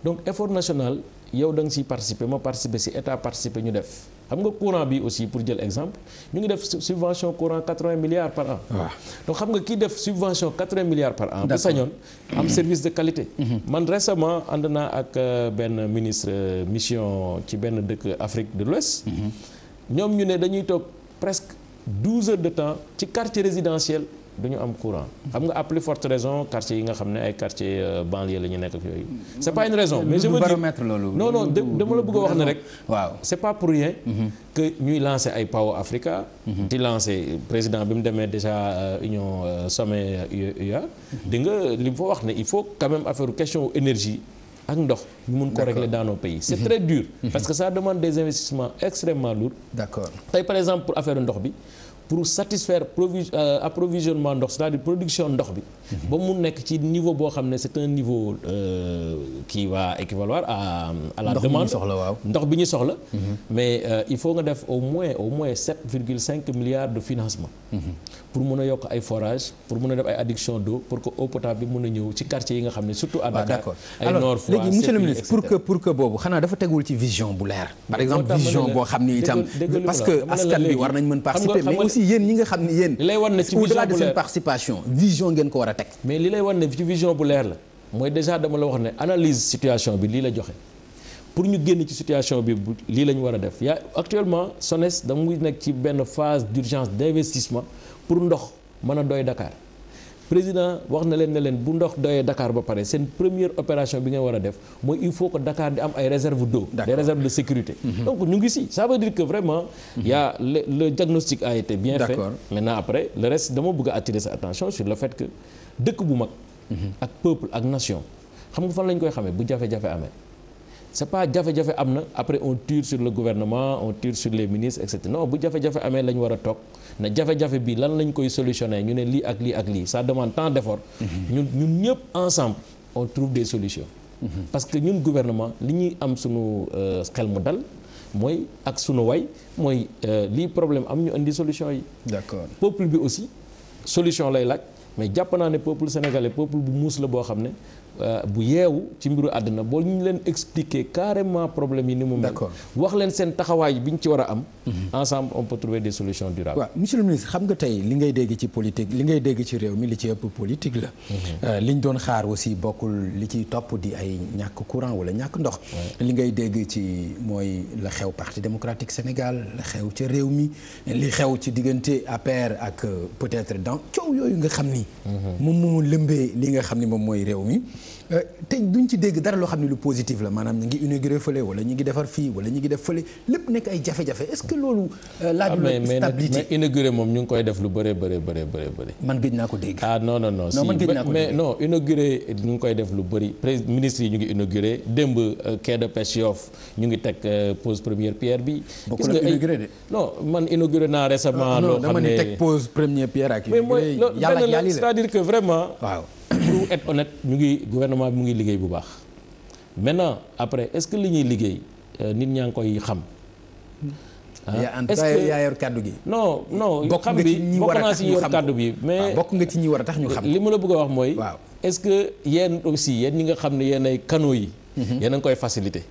donc effort national yow da nga siy participer ma participer si état participer ñu def. xam nga courant bi aussi pour jël exemple ñu ngi def subvention courant 80 milliards par an. waaw ah. donc xam nga kii def subvention 80 milliards par an. bu sañoon am mm-hmm. service de qualité. Mm-hmm. man récemment ànd naa ak euh, benn ministre euh, mission ci benn dëkk Afrique de l'Ouest mm-hmm. ñoom ñu ne dañuy toog presque 12 heures de temps ci quartier résidentiel. du ñu am courant xam nga à plus forte raison quartier yi nga xam ne ay quartier euh, banlieue la ñu nekk ak yooyu c'est pas une raison mais je veux dire non non la bëgg wax na rek waaw c'est pas pour rien mm-hmm. que ñuy lancer ay Power Africa mm-hmm. di lancer président bi mu demee déjà euh, union euh, sommet UA e mm-hmm. di nga li mu fa wax ne il faut quand même affaire question énergie ak ndox ñu mun ko régler dans nos pays c'est mm -hmm. très dur parce que ça demande des investissements extrêmement lourds d'accord tey par exemple pour affaire ndox bi pour satisfaire provi euh, approvisionnement ndox cest à production ndox bi. ba mu nekk ci niveau boo xam ne c'est un niveau euh, qui va équivaloir à à la demande ndox bi ñu soxla mm-hmm. mais euh, il faut nga def au moins au moins 7,5 milliards de financement. Mm-hmm. pour mun a yokk ay forage pour mun a def ay adduction d'eau pour que eau potable bi mun a ñëw ci quartier yi nga xam ne surtout à Dakar ay Nord Foire léegi monsieur le pour que pour que boobu xanaa dafa tegul ci vision bu leer par exemple vision boo xam ni itam parce que askan bi war nañ mën participer participation vision ngeen ko war a teg mais li lay wan ne ci vision bu leer la mooy déjà dama la wax ne analyse situation bi lii la joxe pour ñu génn ci situation bi lii la ñu war a def yaa actuellement SONES damuy ci benn phase d'urgence d'investissement pour ndox mën a doy dakaar président wax na leen ne leen bu ndox doyee dakaar ba pare seen première opération bi ngeen war a def mooy il faut que Dakar di am ay réserves d'eau des réserves de sécurité mm donc ñu ngi si ça veut dire que vraiment mm -hmm. y le, le diagnostic a été bien fait maintenant après le reste dama bëgg a attirer sa attention sur le fait que dëkk bu mag mhm. ak peuple ak nation xam nga fan lañ koy xamee bu jafe-jafe amee c'est pas jafe-jafe am na après on tire sur le gouvernement on tire sur les ministres et cetera bu jafe-jafe amee la war a toog na jafe-jafe bi lan lañ koy solutionner ñu ne lii ak lii ak lii sa demande tant d'effort. Mhm. ñun ñun ñëpp ensemble on trouve des solutions. Mhm. parce que ñun gouvernement li ñuy am sunu euh, xel mu dal mooy ak sunu way mooy euh, lii problème am ñu indi solution yi. d'accord peuple bi aussi solution lay laaj mais jàpp naa ne peuple sénégalais peuple bu muus la boo xam ne. Euh, bu yeewu ci mbiru àddina boo ñu leen expliquer carrément problème yi ni mu mel wax leen seen taxawaay bi ñu ci war a am ensemble on peut trouver des solutions durables waaw monsieur xam nga tey li ngay dégg ci politique li ngay dégg ci réew mi li ci ëpp politique la mhm. euh, liñ doon xaar aussi bokkul li ciy topp di ay ñàkk courant wala ñàkk ndox li ngay dégg ci mooy la xew parti démocratique Sénégal la xew ca réew mi li xew ci diggante APR ak euh, peut-être dans nga xam ni mhm. moom lëmbee li nga xam ni moom mooy réew mi Euh, te duñ ci dégg dara loo xam ne lu positif la maanaam ñu ngi inauguré fële wala ñu ngi defar fii wala ñu ngi def fële lépp nekk ay jafe-jafe est-ce que loolu. Euh, ah, laajul stabilité mais mais inauguré moom ñu ngi koy def lu bëree bëree bëree bëri. man koy def lu bëri président ministre yi ñu ngi inauguré démb euh, quai de pêche Yoff ñu ngi teg pose première pierre bi. gis nga inauguré de. man inauguré naa récemment. Ah, loo xam ne non dama ni teg pose première pierre ak. mais mooy loolu benn la c'est-à-dire que vraiment waaw pour être ñu ngi gouvernement mu ngi liggéey bu baax maintenant après est-ce que li ñuy liggéey euh, nit ñaa ngi koy xam. est-ce kàddu gi. non non xam bi bokk naa si yor mais bokk nga ci ñi war a tax ñu xam li ma la bugg a wax mooy. waaw est-ce que yéen aussi yéen ñi nga xam ne yéen ay canaux yi. Mhm. yéen a koy facilité.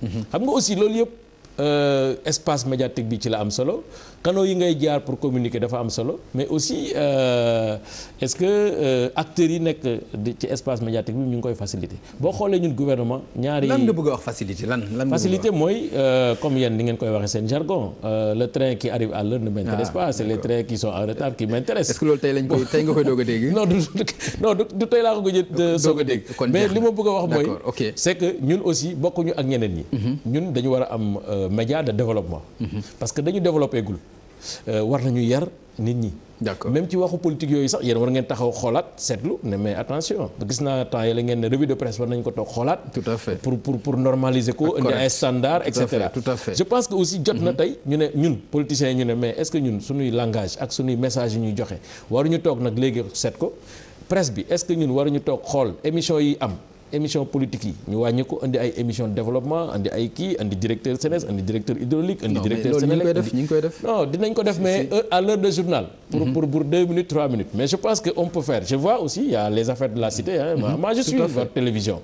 Mhm. xam nga aussi loolu yëpp. Euh, espace médiatique bi ci la am solo canaux yi ngay jaar pour communiquer dafa am solo mais aussi euh, est que euh, acteurs yi nekk ci espace médiatique bi ñu ngi koy faciliter boo xoolee ñun gouvernement. ñaari lan nga bëgg wax faciliter lan mooy comme yéen ni ngeen koy waxee seen jargon le train qui arrive à l'heure ne ah, m'intéresse pas c'est les trains qui sont en retard qui m'intéressent. est que loolu tey lañ koy tey nga du tey laa ko gëj a mm-hmm. ñun dañu war a am. Euh, média de mhm. parce que dañu développé gul euh, war nañu yar nit ñi. d'accord ci waxu politique yooyu sax yéen war ngeen taxaw xoolaat seetlu ne mais attention gis naa temps yële ngeen ne revue de presse war nañ ko toog xoolaat. pour pour normaliser ko. indi ay standard et je pense que aussi jot na mhm. tey ñu ne ñun politiciens yi ñu ne mais est-ce que ñun suñuy langage ak suñuy message yi ñuy joxe waruñu toog nag léegi seet ko presse bi est-ce que ñun émission politique yi ñu wàññi ko indi ay émission développement indi ay kii indi directeur SENES indi directeur hydraulique indi directeur Senelec ñu ngi non dinañ ko def mais à l'heure de journal pour mhm. pour pour deux minutes trois minutes mais je pense que on peut faire je vois aussi il a les affaires de la cité hein mhm. je suis votre télévision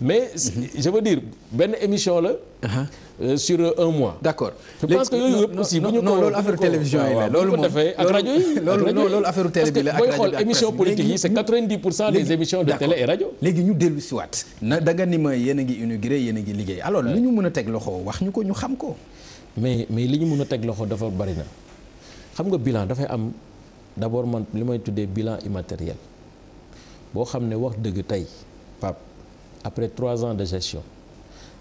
mais mhm. je veux dire benn émission la uh-huh. Euh, sur euh, un mois. d'accord je pense que yooyu yëpp aussi bu ñu ko loolu affaire télévision yi la loolu moom ak rajo léegi ñu dellu si waat na da ni ma yéen a ngi inauguré yéen a ngi liggéey alors lu ñu mën a teg loxo wax ñu ko ñu xam ko. mais mais li ñu mën a teg loxo dafa bari na xam nga bilan dafay am d'abord man li may tuddee bilan immatériel boo xam ne wax dëgg tey Pape après trois ans de gestion.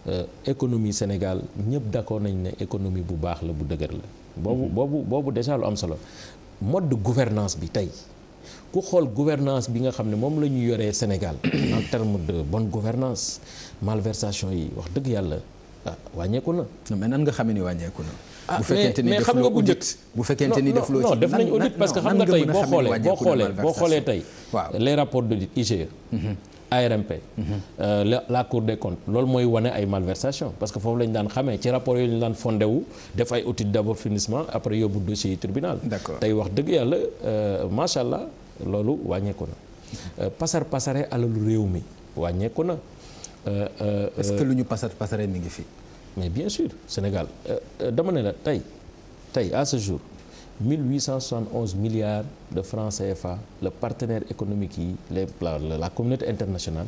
Euh, économie Sénégal ñëpp d'accord nañ ne économie bu baax la bu dëgër la. boobu mhm. boobu boobu déjà lu am solo mode de gouvernance bi tey ku xool gouvernance bi nga xam ne moom la ñu yoree Sénégal en terme de bon gouvernance malversation yi wax dëgg yàlla ah wàññeeku na. mais nan nga xam ni wàññeeku na. ah mais mais xam nga bu njëkk bu fekkente ni def loo non def nañ audit parce que xam nga tey boo xoolee boo xoolee tey. waaw les rapports d'audit IGE. Mhm. ARMP. Euh, la la cour des comptes loolu mooy wane ay malversation parce que foofu lañu ñu daan xamee ci rapport yooyu ñu daan def ay audit d'approfondissement après yóbbu dossier yi tribunal. tey wax dëgg yàlla euh, macha allah loolu wàññeeku na euh, pasar pasare alalu réew mi wàññeeku na. est que lu ñu pasar pasare mi ngi fi. mais bien sûr Sénégal dama ne la tey tey à ce jour. 1871 milliards de francs CFA le partenaire économique yi les la communauté internationale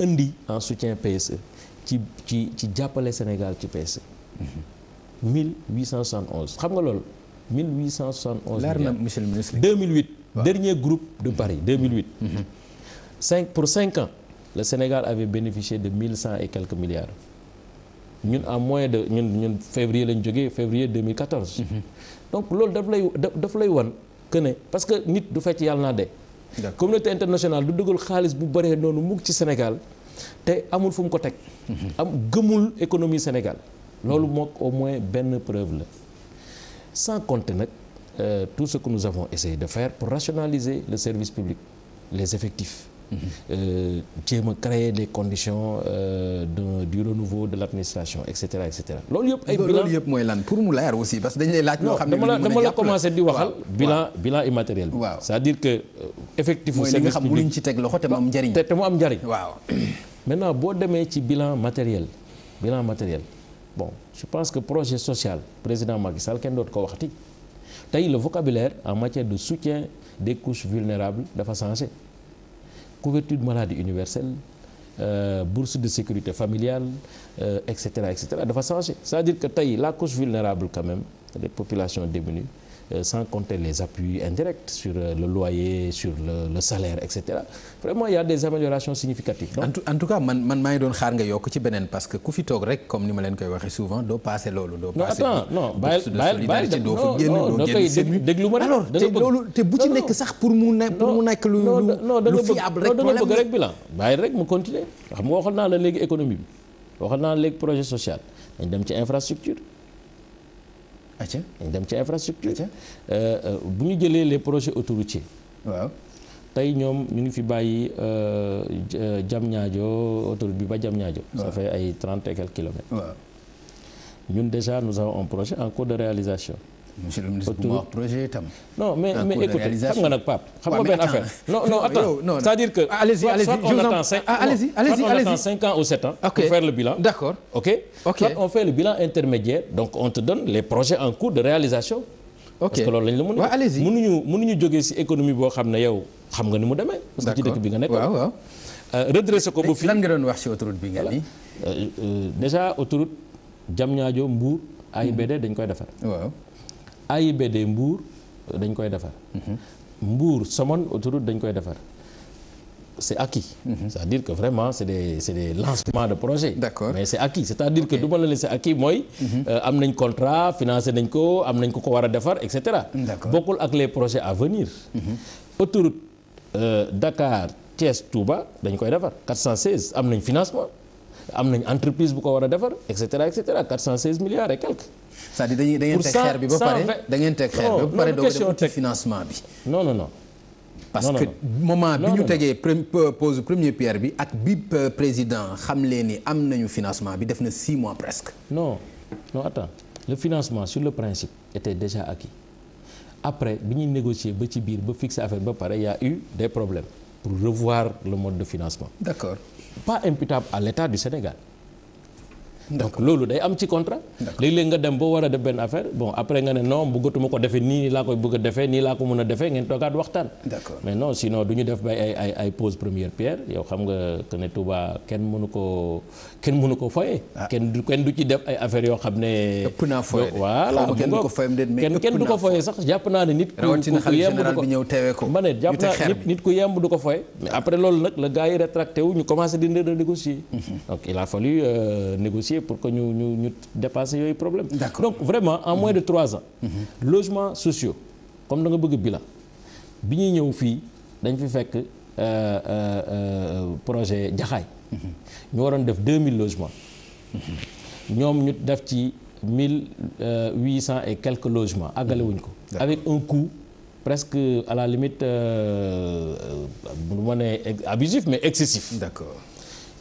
indi en soutien PSE ci ci ci jàppale Sénégal ci PSE. 1871 mhm. xam nga loolu. 1871 leer na monsieur le ministre. 2008 wow. dernier groupe de Paris 2008. Mhm. 5 mhm. pour 5 ans le Sénégal avait bénéficié de 1100 et quelques milliards. ñun en moins de ñun ñun février lañ jógee février 2014. Mhm. donc loolu daf lay daf lay wan que ne parce que nit du fecc yàlla naa de. communauté internationale du dugal xaalis bu bëree noonu mukk ci Sénégal te amul fu mu ko teg. Mhm. am gëmul économie Sénégal. loolu mhm. mook au moins benn preuve la sans compter nag euh, tout ce que nous avons essayé de faire pour rationaliser le service public les effectifs. Euh, jéem a créer des condition euh, de du renouveau de l' administration et cetera et cetera. loolu yëpp ay bilan loolu yëpp mooy lan pour mu aussi parce que dañ lay laaj. ne dama la dama la commencé di waxal. bilan bilan immatériel bi. waaw c'est-à-dire que euh, effectif. service public mooy li nga ci teg loxo te mu am njariñ. te mu am njariñ. waaw maintenant boo demee ci bilan matériel bilan matériel bon je pense que projet social président Macky Sall kenn dootu ko waxati tey le vocabulaire en matière de soutien des couche vulnérables dafa changé. couverture de maladie universelle euh, bourse de sécurité familiale euh, et cetera dafa changé cest dire que tey la couche vulnérable quand même des populations démunies Euh, sans compter les appuis indirects sur euh, le loyer sur le, le salaire et cetera vraiment il y a des améliorations significatives. en, tout, cas man man maa ngi doon xaar nga yokk ci beneen parce que ku fi toog rek comme ni ma leen koy waxee souvent doo paase loolu. doo paase non doo fa génn doo génn déglu ma alors te ci nekk sax pour mu ne pour mu nekk lu rek problème non da nga bëgg rek xam nga waxoon naa la léegi économie bi waxoon naa la léegi projet social dañ dem ci infrastructure. ñu dem ci infrastructure euh, euh, bu ñu jëlee les projets autoroutiers waaw tey ñoom ñu ngi fi bàyyi euh, jam ñaajo autoroute bi ba jam Diamniadio ça fa ay trente et quelques kilomètres ñun déjà nous avons un projet en cours de réalisation monsieur le ministre bu ma wax projet itam. non mais mais écoutez xam nga nag Pape. xam nga benn affaire non non attends c'est-à-dire que. Ah, allez-y allez-y soit on attend cinq allez-y ah, allez-y soit on attend cinq ans ou sept ans. pour faire le bilan d'accord ok. ok soit on fait le bilan intermédiaire donc on te donne les projets en cours de réalisation. ok parce que loolu lañ la mën a. waaw allez-y mënuñu mënuñu jógee ci économie boo xam ne yow xam nga ni mu demee. parce que ci dëkk bi nga nekk. waaw waaw. redressé ko ba fii lan nga doon wax ci autoroute bi nga nii. Euh, euh, déjà autoroute Diamniadio Mbour AIBD dañ koy defar. waaw AIBD Mbour dañ koy defar. Mhm. Mbour Somone autoroute dañ koy defar. c'est acquis. Mhm. c'est-à-dire que vraiment c'est des c'est des lancements de projet. d'accord mais c'est acquis c'est-à-dire que du ma la laisser acquis mooy. Mhm. Euh, am nañ contrat financé nañ ko am nañ ko ko war a defar et cetera. bokkul ak les projet à venir. autoroute euh, Dakar Thiès ba dañ koy defar 416 am nañ financement. am nañu entreprise bu ko war a defar et cetera et cetera 416 milliards et quelques. c'est-à-dire dañuy da ngeen xeer bi ba pare da ngeen teg xeer bi ba pare doo dem ci financement bi. non non non. parce que moment bi ñu tegee pose pierre bi ak bi euh, président xam leen ni am nañu financement bi def na 6 mois presque. non non attends le financement sur le principe était déjà acquis après bi ñuy négocier ba ci biir ba fixer affaire ba pare y eu des problèmes pour revoir le mode de financement. d'accord. par imputable à l'État du Sénégal donc loolu day am ci contrat léeg-léeg nga dem boo war a def benn affaire bon après nga ne non bëggatuma ko defee nii laa koy bëgg a defee nii laa ko mën a defee ngeen toogaat waxtaan mais non sinon du ñu def bay ay ay ay pose première pierre yow xam nga ne Touba kenn mënu ko kenn mënu ko foye ah. kenn du du ci def ay yoo xam ne ëpp naa foye voilà kenn du ko foye sax jàpp naa ne nit ku yemb du ko ma ne jàpp naa nit ku yemb du ko foye mais après loolu nag la gars yi rétracté wu ñu commencé di négocier a fallu euh, chantier pour que ñu ñu ñu dépasser yooyu problème donc vraiment en moins de mm-hmm. trois ans mm-hmm. logement sociaux comme da nga bëgg bilan bi ñuy ñëw fii dañ fi fekk euh, euh, euh, projet jaxaay mm-hmm. ñu waroon def 2000 logements ñoom ñu def ci 1800 et quelques logements àggalewuñ ko avec un coût presque à la limite bu ma ne abusif mais excessif d'accord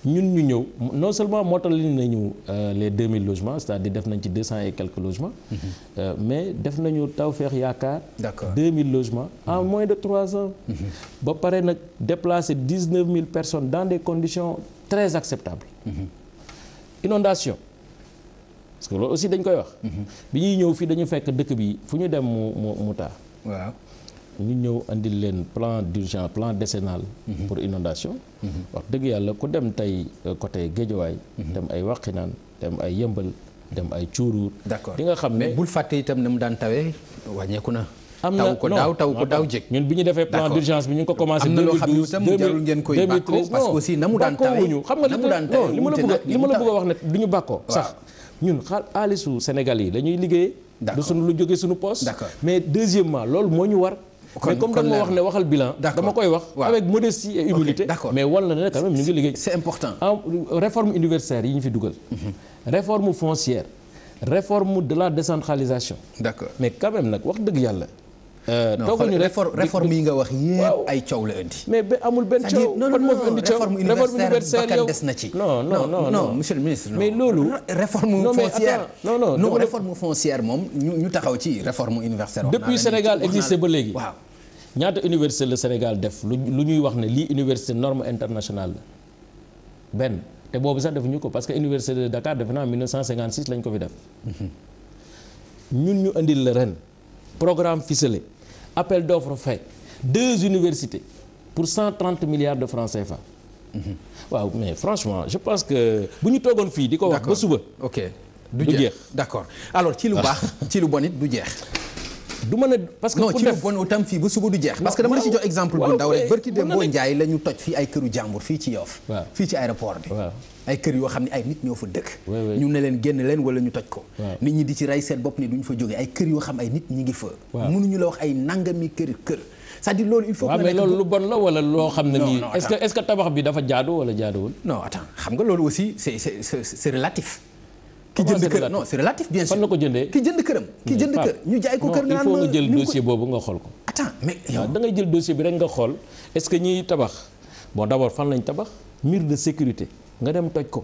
ñun ñu ñëw non seulement mottali nañu euh, les 2000 logements c'est-à-dire def nañ ci 200 et quelques logements. Mhm. Euh, mais def nañu Tawfekh Yaakaar. d'accord 2000 logements en mhm. moins de trois ans. Mhm. ba pare nag déplacé déplacer 19000 personnes dans des conditions très acceptables. inondation parce loolu aussi dañ koy wax. bi ñuy ñëw fii dañu fekk dëkk bi fu ñu dem mu mu mu taa. waaw ñu ñëw andil leen plan d'urgence plan décennal mhm. pour inondation mhm. wax dëgg yàlla ku dem tey euh, côté Géejawaay mhm. dem ay Wàqinaan dem ay Yëmbal dem ay Cuuruur d'accord di nga xam ne bul fàtte itam ne mu daan tawee wàññeeku na am na taw ko daaw taw ko daaw jëkk ñun bi ñu defee plan d'urgence bi ñu ko commencé. am xam ne itam jarul ngeen koy bàkkoo parce aussi na mu daan tawee xam nga li ma la bëgg li ma la bëgg wax ne du ñu bàkkoo sax ñun xaalisu Sénégal yi dañuy liggéey du suñu lu jógee suñu poste mais deuxièmement loolu moo ñu war mais comme dama wax ne waxal bilan. dama koy wax. avec modestie et humilité. mais wal na ne quand même ñu ngi liggéey. c'est important. Ah, réforme universitaire yi ñu fi dugal. Mhm. réforme foncière. réforme de la décentralisation. d'accord mais quand nag wax dëgg yàlla. Euh, tooguñu rek réforme yi nga wax yépp ay coow la indi. mais ba amul benn coow non non réforme universitaire bakkan des mais loolu réforme foncière non non non moom ñu ñu taxaw ci réforme universitaire. depuis Sénégal existé ba léegi. waaw ñaata université la Sénégal def lu ñuy wax ne lii université norme internationale la benn. te boobu sax defuñu ko parce que université de Dakar defe naa 1956 lañ ko fi def mhm. ñun ñu indi la ren programme ficelé appel d'offre fait deux universités pour cent trente milliards de francs CFA. waaw mais franchement je pense que bu ñu toogoon fii di ko wax ba suba. ok du jeex d'accord alors ci lu baax ci lu du jeex. du mën a parce que non ci lu bon itam fii ba suba du jeex. parce que dama la ci jox exemple bu ndaw rek. barki Demba Ndiaye la ñu toj fii ay këru jàmbur fii ci Yoff. fii ci aéroport bi. ay kër yoo xam ne ay nit ñoo fa dëkk ñu ne leen génn leen wala ñu toj ko nit ñi di ci rey seen bopp ni duñ fa jógee ay kër yoo xam ay nit ñi ngi fa ñu la wax ay nangami kër kër cest à loolu il faut que mais lu bon la wala loo xam ne nii est-ce que est-ce bi dafa jaadu wala jaaduwul non xam nga loolu aussi c'est c'est c'est relatif ki jënd kër non c'est relatif bien sûr fan ko jëndee ki jënd këram ki hmm. jënd kër ñu jaay ko kër nga naan ma nga jël dossier boobu nga xool ko attends mais da ngay jël dossier bi rek nga xool est-ce que ñiy tabax bon d'abord fan lañ tabax miir de sécurité nga dem toj ko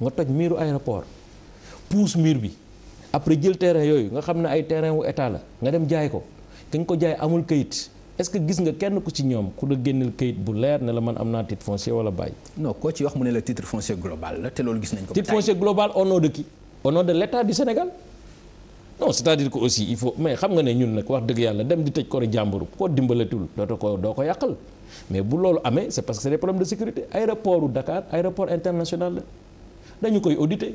nga toj miiru aéroport puus miir bi après jël terrain yooyu nga xam ne ay terrain wu la nga dem jaay ko kañ ko jaay amul kayit est-ce que gis nga kenn ku ci ñoom ku la génneel kayit bu leer ne la man am naa titre foncier wala bàyyi. non koo ci wax mu ne la titre foncier global la te loolu gis nañ ko. titre foncier global au nom de qui au nom de du Sénégal. non cest à aussi il faut mais xam nga ne ñun nag wax dëgg yàlla dem di tëj ko jàmbur koo dimbalatul dootoo ko doo mais bu loolu amee c'est parce que c'est des problèmes de sécurité aéroportu Dakar aéroport international la dañu koy auditer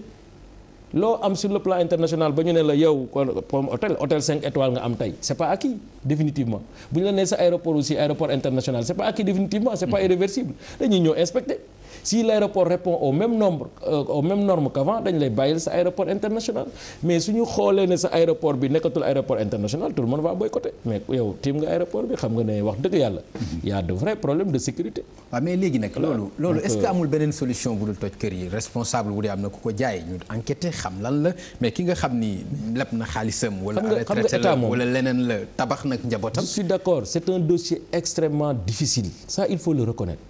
loo am sur le plan international ba ñu ne la yow comme hôtel hôtel 5 étoiles nga am tey c'est pas acquis définitivement bu ñu la nee sa aéroport aussi aéroport international c'est pas acquis définitivement c'est pas irréversible dañuy ñëw inspecter si l'aéroport répond au même nombre euh, au même norme qu'avant dañ lay bàyyil sa aéroport international mais suñu xoolee ne sa aéroport bi nekkatul aéroport international tout le monde va boycotter mais yow tiim nga aéroport bi xam nga ne wax dëgg yàlla mhm. y a de vrais problèmes de sécurité waaw mais léegi nag loolu loolu est-ce que euh, amul beneen solution bu dul toj kër yi responsable bu dee am na ku ko jaay ñu enquêté xam lan la mais ki nga xam ni leb na xaalisam wala retraité la wala leneen tabax nag njabootam je suis d'accord c'est un dossier extrêmement difficile ça il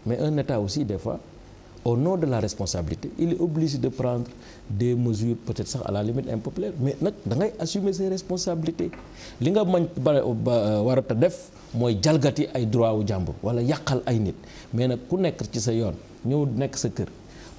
mais un état des fois au nom de la responsabilité il est obligé de prendre des mesures peut-être sax à la limite impopulaire mais nag da ngay assumer ses responsabilités li nga mañ euh, warata def mooy jalgati ay droit wu jàmbur wala yàqal ay nit mais nag ku nekk ci sa yoon ñëw nekk sa kër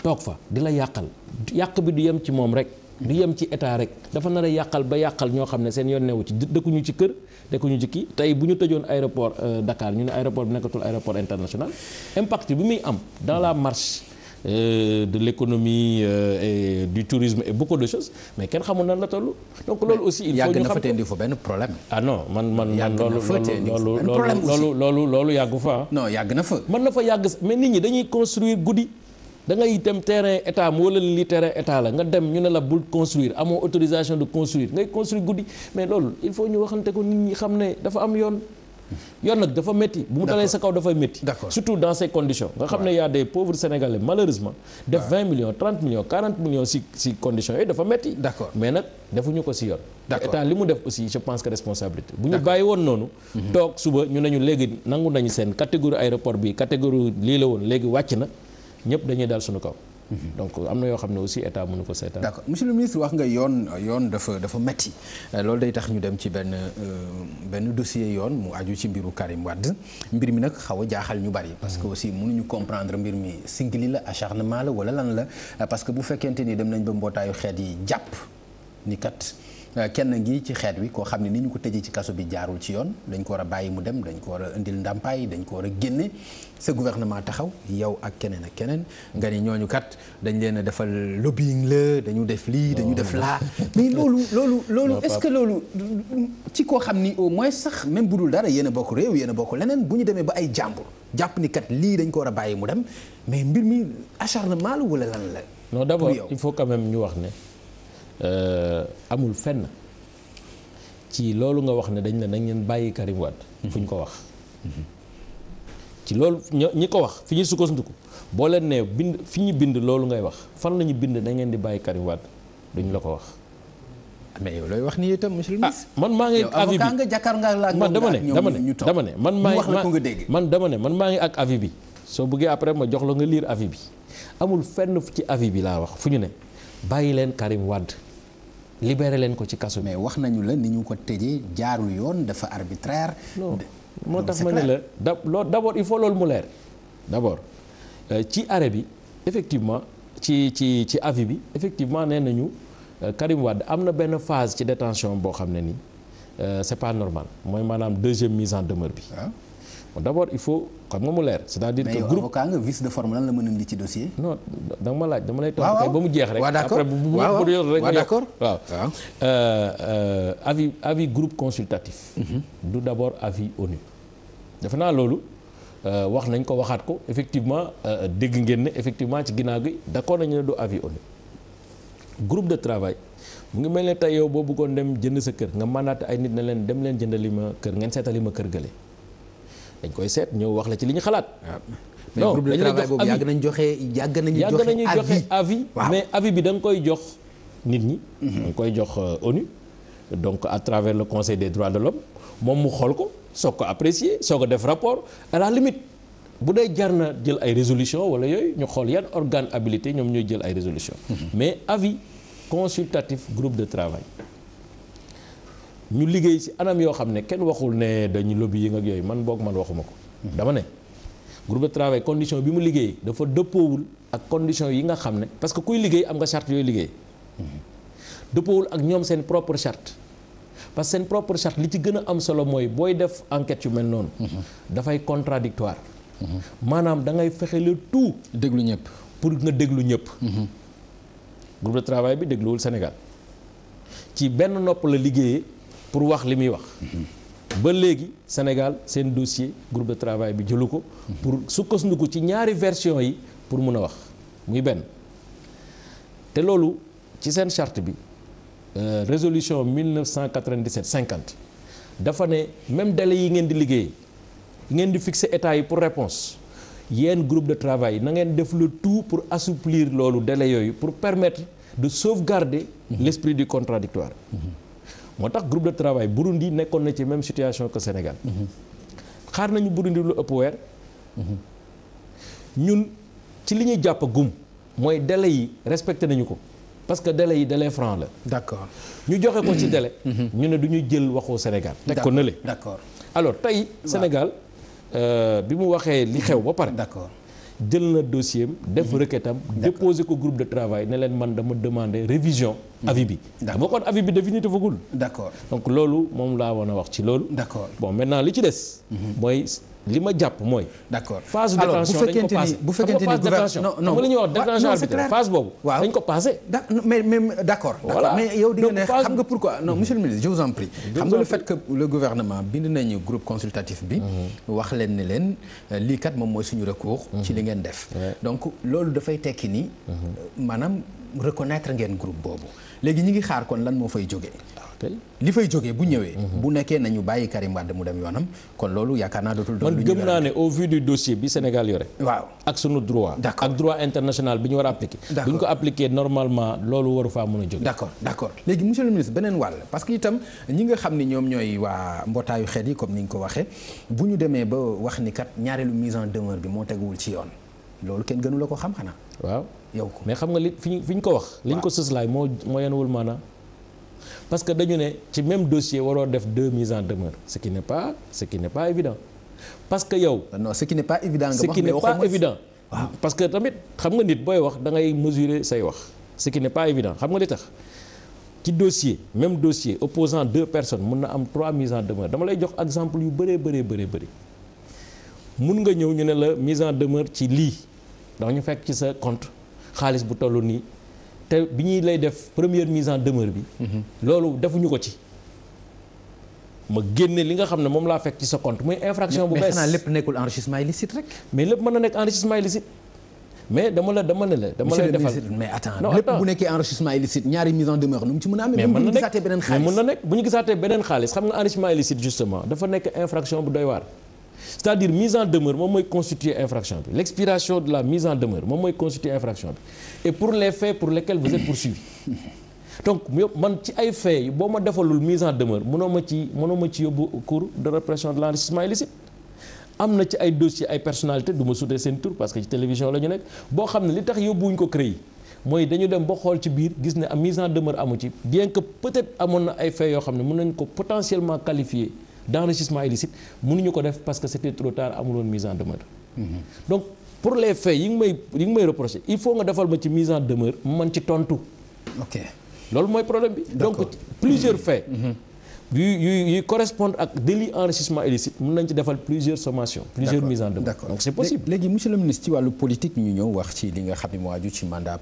toog fa di la yàqal yàq bi du yem ci moom rek du yem ci état rek dafa nar a yàqal ba yàqal ñoo xam ne seen yoon newu ci dëkkuñu ci kër dëkkuñu ci kii tey bu ñu tëjoon aéroport euh, dakaar ñu ne aéroport bi nekkatul aéroport international impact bi muy am dans la marche de l'économie euh, et du tourisme et beaucoup de mais kenn xamul nan la toll. donc loolu aussi il faut ñu xam yàgg na fa benn problème. ah non man man man loolu loolu loolu loolu loolu yàggu fa ah. non yàgg na fa. mën na fa yàgg mais nit ñi dañuy construire guddi. da ngay dem terrain état mu ni li terrain état la nga dem ñu ne la bul construire amoo autorisation de construire ngay construire guddi mais loolu il faut ñu waxante ko nit ñi xam ne dafa am yoon. yoon nag dafa métti bu mu dalee sa kaw dafay métti surtout dans ces conditions nga xam ne y a des pauvres sénégalais malheureusement def 20 millions 30 millions 40 millions si si conditions yooyu dafa métti d'accord mais nag defuñu ko si yoon état li mu def aussi je pense que responsabilité bu ñu bàyyi woon noonu mhm. toog suba ñu nañu léegi nangu nañu seen catégorie aéroport bi catégorie lii la woon léegi wàcc na ñëpp dañuy daal suñu kaw Mhm. donc am na yoo xam ne aussi état mënu ko seetaan. d' accord monsieur le ministre wax nga yoon yoon dafa dafa metti euh, loolu day tax ñu dem ci benn euh, benn dossier yoon mu aju ci mbiru Karim Wade mbir mi nag xaw a jaaxal ñu bari. parce que mhm. aussi mënuñu comprendre mbir mi singli la acharnement la wala lan la parce que bu fekkente ni dem nañ ba mbootaayu xeet yi jàpp ni kat. Euh, kenn ngi ci xeet wi koo xam ne ni ñu ko tëjee ci kaso bi jaarul ci yoon dañ ko war a bàyyi mu dem dañ ko war a indil ndàmpaay dañ ko war a génne sa gouvernement taxaw yow ak keneen ak keneen nga ni ñooñu kat dañ leen a defal lobbying la dañu def lii dañu def laa mais loolu loolu loolu est-ce que loolu ci koo xam ni au moins sax même bu dul dara yéen a bokk réew yéen a bokk leneen bu ñu demee ba ay jàmbur jàpp ni kat lii dañ ko war a bàyyi mu dem mais mbir mi acharnement la wala lan la non d'abord il faut quand même ñu wax ne Euh, amul fenn ci loolu nga wax ne dañ ne nañ leen bàyyi Karim Wade mhm. fu ñu ko wax mhm. ci loolu ñu ko wax fi ñuy sukkandiku boo leen nee bind fi ñu bind loolu ngay wax fan la ñu bind na di bàyyi Karim Wade duñ la ko wax mais looy wax nii itam monsieur le ah, ministre man maa ngi ak avis bi nga jàkkaar nga la man dama ne dama ne dama ne man maa ngi man dama ne man maa ngi ak avis bi soo bëggee après ma jox la nga liir avis bi amul fenn ci avis bi laa wax fu ñu ne bàyyi leen Karim wàdd libéré leen ko ci kaso mais wax nañu la ni ñu ko tëjee jaarul yoon dafa arbitraire. non moo tax ma ne la da loolu d' abord il faut loolu mu leer d' abord euh, ci arrêt bi effectivement ci ci ci avi bi effectivement neen nañu euh, Karim Wade am na benn phase ci détention boo xam ne ni euh, c' est pas normal mooy maanaam deuxième mise en demeure bi. Ah. d' abord il faut xam nga mu leer c' est à dire que groupe la mën a indi ci dossier. non da ma laaj dama lay. waaw ba mu jeex rek. après bu bu rek nga yokk waaw. avis avis groupe consultatif. du d' abord avis ONU. def naa loolu wax nañ ko waxaat ko effectivement dégg ngeen ne effectivement ci ginnaaw gi d' accord nañu ne du avis ONU. groupe de travail mu ngi mel ne tey yow boo bëggoon dem jënd sa kër nga mandaté ay nit na leen dem leen jëndali ma kër ngeen seetali ma kër gële. dañ koy seet ñëw wax la ci li ñu xalaat. Ah. non dañu la jox avis yàgg nañu joxe yàgg nañu joxe avis mais avis bi da koy jox nit ñi. Mhm. da nga koy jox euh, ONU. donc à travers le conseil des droits de l'homme moom mu xool ko soog ko apprécier soog ko def rapport à la limite bu dee jar na jël ay résolution wala yooyu ñu xool yan organe abilité ñoom ñooy jël ay résolution mhm. mais avis consultatif groupe de travail. ñu liggéey si anam yoo xam ne kenn waxul ne dañu lobby yi ak yooyu man boog man waxuma ko. dama ne groupe de travail condition bi mu liggéey dafa dëppoowul ak condition yi nga xam ne parce que kuy liggéey am nga charte yooyu liggéey. dëppoowul ak ñoom seen propre charte parce que seen propre charte li ci gën a am solo mooy booy def enquête yu mel noonu. dafay contradictoire maanaam da ngay fexe le tout. déglu ñëpp pour nga déglu ñëpp. groupe de travail bi dégluwul Sénégal ci benn nopp la liggéeyee. pour wax li muy wax. ba léegi Sénégal seen dossier groupe de travail bi jëlu ko. pour sukkandiku ci ñaari version yi pour mun a wax muy benn. te loolu ci seen charte bi euh, résolution 1997 50 dafa ne même délai yi ngeen di liggéey ngeen di fixer état yi pour réponse yéen groupe de travail na ngeen def le tout pour assouplir loolu délai yooyu pour permettre de sauvegarder mm-hmm. l'esprit du contradictoire mm-hmm. moo tax groupe de travail Burundi nekkoon na ci même situation que Sénégal. xaar nañu Burundi lu ëpp weer. ñun ci li ñuy jàpp gum mooy délai yi respecté nañu ko parce que délai yi délai franc la. d'accord ñu joxe ko ci délai. Mm-hmm. Mm-hmm. ñu ne du ñu jël waxu Sénégal. teg ko nële d'accord alors tey Sénégal euh, bi mu waxee li xew ba pare. d'accord jël na dossier am def mhm. requête am ko groupe de travail ne leen man dama demander révision mhm. avis bi dama kon avis bi définitifagul d'accord donc loolu moom laa woon a wax ci loolu d'accord bon maintenant li ci des mhm. mooy li ma jàpp mooy. d'accord phase de détention dañ ko bu fekkente ni bu fekkente ni non non xam nga li wax détention phase boobu. waaw dañ ko passé. da mais mais d'accord. voilà mais yow di nga ne xam nga pourquoi non mhm. monsieur le ministre je vous en prie. xam nga le fait le gouvernement bind nañu groupe consultatif bi. Mhm. wax leen ne leen euh, lii kat moom mooy suñu recours. Mhm. ci li ngeen def. donc loolu dafay tekki nii euh, maanaam reconnaître ngeen group boobu léegi ñi ngi xaar kon lan moo fay jógee. appel. li fay jógee bu ñëwee. Mhm. bu nekkee nañu bàyyi Karim Wade mu dem yoonam kon loolu yaakaar naa dootul. doon lu ñu man gëm naa bi Sénégal yore. waaw ak sunu droit. ak droit international bi ñu war a bu ñu ko appliqué normalement loolu waru faa mën a jógee. d' accord léegi monsieur ministre beneen wàll parce que itam ñi nga xam ni ñoom ñooy mbootaayu xeet yi comme ni nga ko waxee bu ñu demee ba wax ni kat ñaareelu mise en demeure bi moo teguwul ci yoon loolu kenn gënu la ko xam xanaa. waaw yow ko mais xam ko wax. liñ ko parce que dañu ne ci même dossier waroo def deux mises en demeure ce qui n'est pas ce qui n'est pas évident parce que yow. non ce qui n'est pas évident nga wax ce qui parce que tamit xam nga nit booy wax da ngay mesurer say wax ce qui n'est pas évident xam nga di tax ci dossier même dossier opposant deux personnes mun na am trois mise en demeure dama lay jox exemple yu bëree bëree bëree bëri mun nga ñëw ñu ne la mise en demeure ci lii dafa ñu fekk ci sa compte xaalis bu toll nii. te bi ñuy lay def première mise en demeure bi. loolu defuñu ko ci. ma génne li nga xam ne moom laa fekk ci sa compte muy infraction bu bees mais lépp nekkul enrichissement illicite mais dama la dama la dama lay defal lépp bu nekkee enrichissement illicite ñaari mise en nu mu ci mën a amee. mais mën na nekk bu ñu gisaatee beneen xaalis xam nga enrichissement illicite justement dafa nekk infraction bu doy waar. c'est-à-dire mise en demeure moom mooy constituer infraction bi l'expiration de la mise en demeure moom mooy constituer infraction bi et pour les faits pour lesquels vous êtes poursuivi donc man ci ay faits boo ma defalul mise en demeure mënoo ma ci mënoo ma ci yóbbu cour de répression de l'enrichissement illicite am na ci ay dossiers ay personnalité du ma sutee seen tur parce que ci télévision la ñu nekk boo xam ne li tax yóbbuwuñ ko CREI mooy dañu dem ba xool ci biir gis ne mise en demeure amu ci bien que peut-être amoon na ay faits yoo xam ne mën nañ ko potentiellement qualifier d'enrichissement illicite mënuñu ko def parce que c'était trop tard amuloon mise en demeure. Mhm. donc pour les faits yi nga may yi nga may reproché il faut nga defal ma ci mise en demeure man ci tontu. loolu mooy problème bi. donc plusieurs faits. Mhm. yu yu yu correspondre ak délit enrichissement illicite mën nañ ci defal plusieurs sommations. plusieurs mises en demeure donc c'est possible. léegi monsieur le ministre ci wàllu politique ñu ñëw wax ci li nga xam ne moo aju ci mandat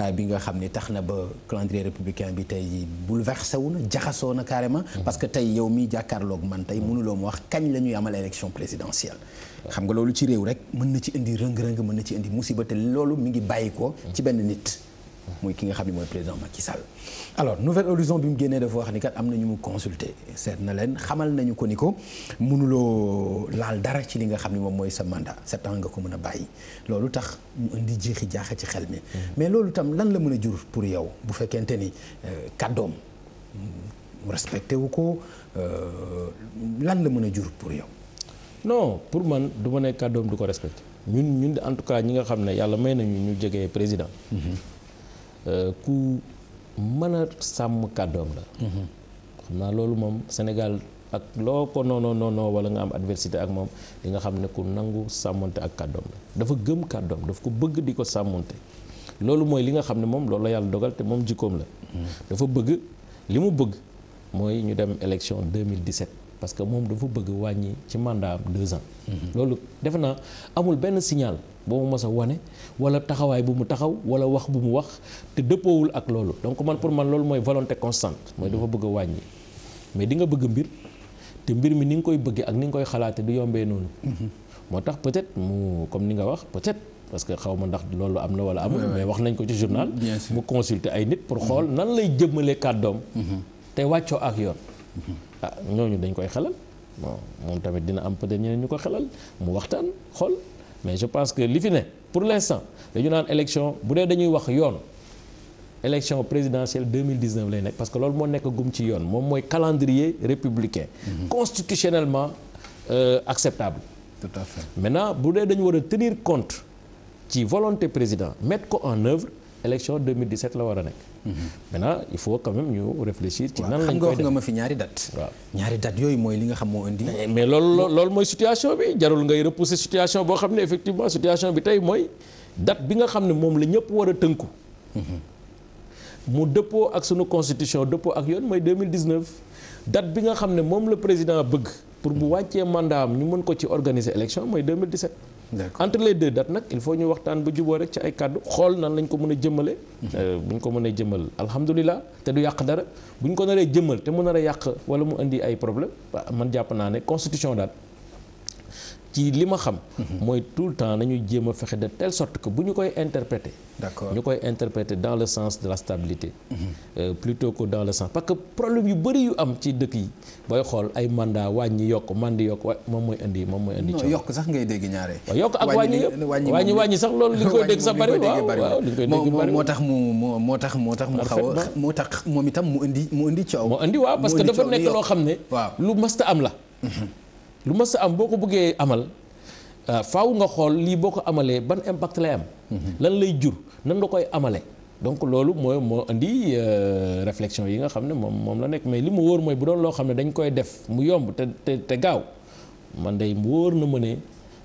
euh, bi nga xam ni tax na ba calendrier républicain bi tey bouleversé wu na jaxasoo na carrément. Mm-hmm. parce que tey yow mi jàkkaarloog man tey mënuloo mu wax kañ la ñuy amal élection présidentielle. xam nga loolu ci réew rek mën na ci indi rëng-rëng mën na ci indi musiba te loolu mi ngi bàyyi ci benn nit. mooy ki nga xam ne mooy président Macky Sall. alors Nouvel Horizon bi mu génnee dafa wax ni kat am na ñu mu consulter seet na leen xamal nañu ko ni ko mënuloo laal dara ci li nga xam ne moom mooy sa mandat sept ans ko mën a bàyyi loolu tax ñu indi jeexi jaaxa ci xel mi. Mm-hmm. mais loolu tam lan la mën a jur pour yow bu fekkente ni euh, kàddoom mm, respecté wu ko euh, lan la mën a jur pour yow. non pour man du ma ne kàddoom du ko respecté ñun ñun en tout cas ñi nga xam ne yàlla may nañu ñu jege président. Mm-hmm. Euh, ku mën a sàmm kàddoom la. Mhm. xam naa loolu moom Sénégal ak loo ko noonoo noonoo wala nga am adversité ak moom li nga xam ne ku nangu sàmmante ak kàddoom la dafa gëm kàddoom daf ko bëgg di ko sàmmante loolu mooy li nga xam ne moom loolu la yàlla dogal te moom jikkoom la. Mhm. dafa bëgg li mu bëgg mooy ñu dem élection 2017. parce que moom dafa bëgg wàññi ci mandat am mhm. loolu defe naa amul benn signal boo mu mës a wane wala taxawaay bu mu taxaw wala wax bu mu wax te dëppoowul ak loolu donc man pour man loolu mooy volonté constante mooy dafa bëgg wàññi mais di nga bëgg mbir te mbir mi ni nga koy bëggee ak ni nga koy xalaatee du yombee noonu. Mhm. moo tax peut-être mu comme ni nga wax peut-être. parce que xaw ma ndax loolu am na wala amul mais wax nañ ko ci journal mu consulter ay nit pour xool mhm. nan lay jëmmalee kàddoom te wàccoo ak yoon ah ñooñu dañ koy xelal bon moom tamit dina am peut-être ñeneen ñu ko xelal mu waxtaan xool mais je pense que li fi ne pour l'instant dañu naan élection bu dee dañuy wax yoon élection présidentielle 2019 lay nekk parce que loolu moo nekk gum ci yoon moom mooy calendrier républicain mhm. constitutionnellement euh, acceptable tout à fait bu dee dañu war a tenir compte ci volonté président mettre ko en œuvre élection 2017 la war a nekk maintenant il faut quand même ñu réfléchir. ci nan lañ koy def nga ma fi ñaari dat ñaari date yooyu mooy li nga xam moo indi. Eh, mais loolu loolu mooy situation bi jarul ngay repousser situation boo xam ne effectivement situation bi tey mooy date bi nga xam ne moom la ñëpp war a tënku. Mhm. mu dëppoo ak sunu constitution dëppoo ak yoon mooy 2019. date bi nga xam ne moom la président bëgg pour bu wàccee mandat am ñu mën ko ci organiser élection mooy 2017. d'accord entre les deux dates nag il faut ñu waxtaan ba juboo rek ci ay kàddu xool nan lañ ko mën a jëmale. Mhm. Euh, bu ñu ko mënee jëmal alhamdulilah te du yàq dara bu ñu ko naree jëmal te mu nar a yàq wala mu indi ay problème man jàpp naa ne constitution daal. ci li ma xam. mooy tout le temps nañu jéem a fexe de tel sort que bu ñu koy interpréter. d'accord ñu koy interpréter dans le sens de la stabilité. Mhm. Euh, plutôt que dans le sens parce que problème yu bëri yu am ci dëkk yi booy xool ay mandat wàññi yokk mandi yokk wa moom mooy indi moom mooy indi. yokk sax ngay dégg ñaare. waaw oh, yokk ak wàññi sax loolu li koy dégg moo tax mu moo tax moo tax mu xaw moo tax moom itam mu indi mu indi coow. mu indi waaw parce que dafa nekk loo xam ne. waaw lu masta am la. Mhm. lu ma sa am boo ko bëggee amal euh, faw nga xool lii boo ko amalee ban impact lay am. Mhm. lan lay jur nan la koy amalee. donc loolu mooy moo indi euh, réflexion yi nga xam ne moom moom la nekk mais li mu wóor mooy bu doon loo xam ne dañ koy def mu yomb te te te gaaw man day wóor na ma ne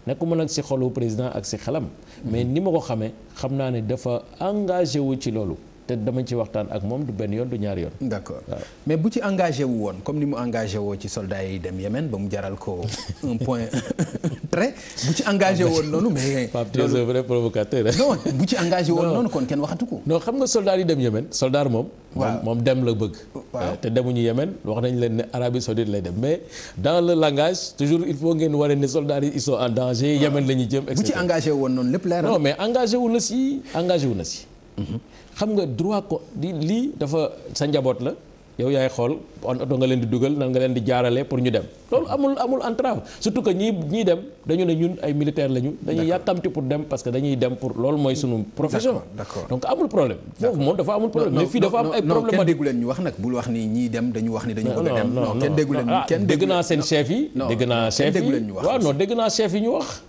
nekkuma nag si xolu président ak si xelam. Mhm. mais ni ma ko xamee xam naa ne dafa engagé wu ci loolu. te dama ci waxtaan ak moom du benn yoon du ñaari yoon. d'accord mais bu ci engagé wu woon comme ni mu engagé woo ci soldats yi dem Yémen ba mu jaral ko un point très bu ci engagé woon noonu mais. Pape tu es bu ci engagé woon noonu kon kenn waxatu ko. non xam nga soldats yi dem Yémen moom. waaw moom dem la bëgg. Eh, te demuñu Yémen wax nañ leen ne Arabie Saoudite lay dem mais dans le langage toujours il faut ngeen waree ne soldats yi ils sont en la ñuy jëm ci engagé woon noonu lépp leer non engagé wu na si engagé wu na si. Mhm. xam nga droit ko di lii dafa sa njaboot la yow yaay xool on oto nga leen di dugal nan nga leen di jaarale pour ñu dem loolu amul amul entrave surtout que ñii ñii dem dañu ne ñun ay militaire lañu. dañuy yàkkamti pour dem parce que dañuy dem pour loolu mooy sunu profession. donc amul problème. foofu dafa amul problème. dafa am ay leen ñu wax nag bul wax ni ñii dem dañu wax ni dañu bëgg dem. leen ah, kenn dégg naa seen chef yi. dégg naa chef yi waaw non dégg naa chef yi ñu wax.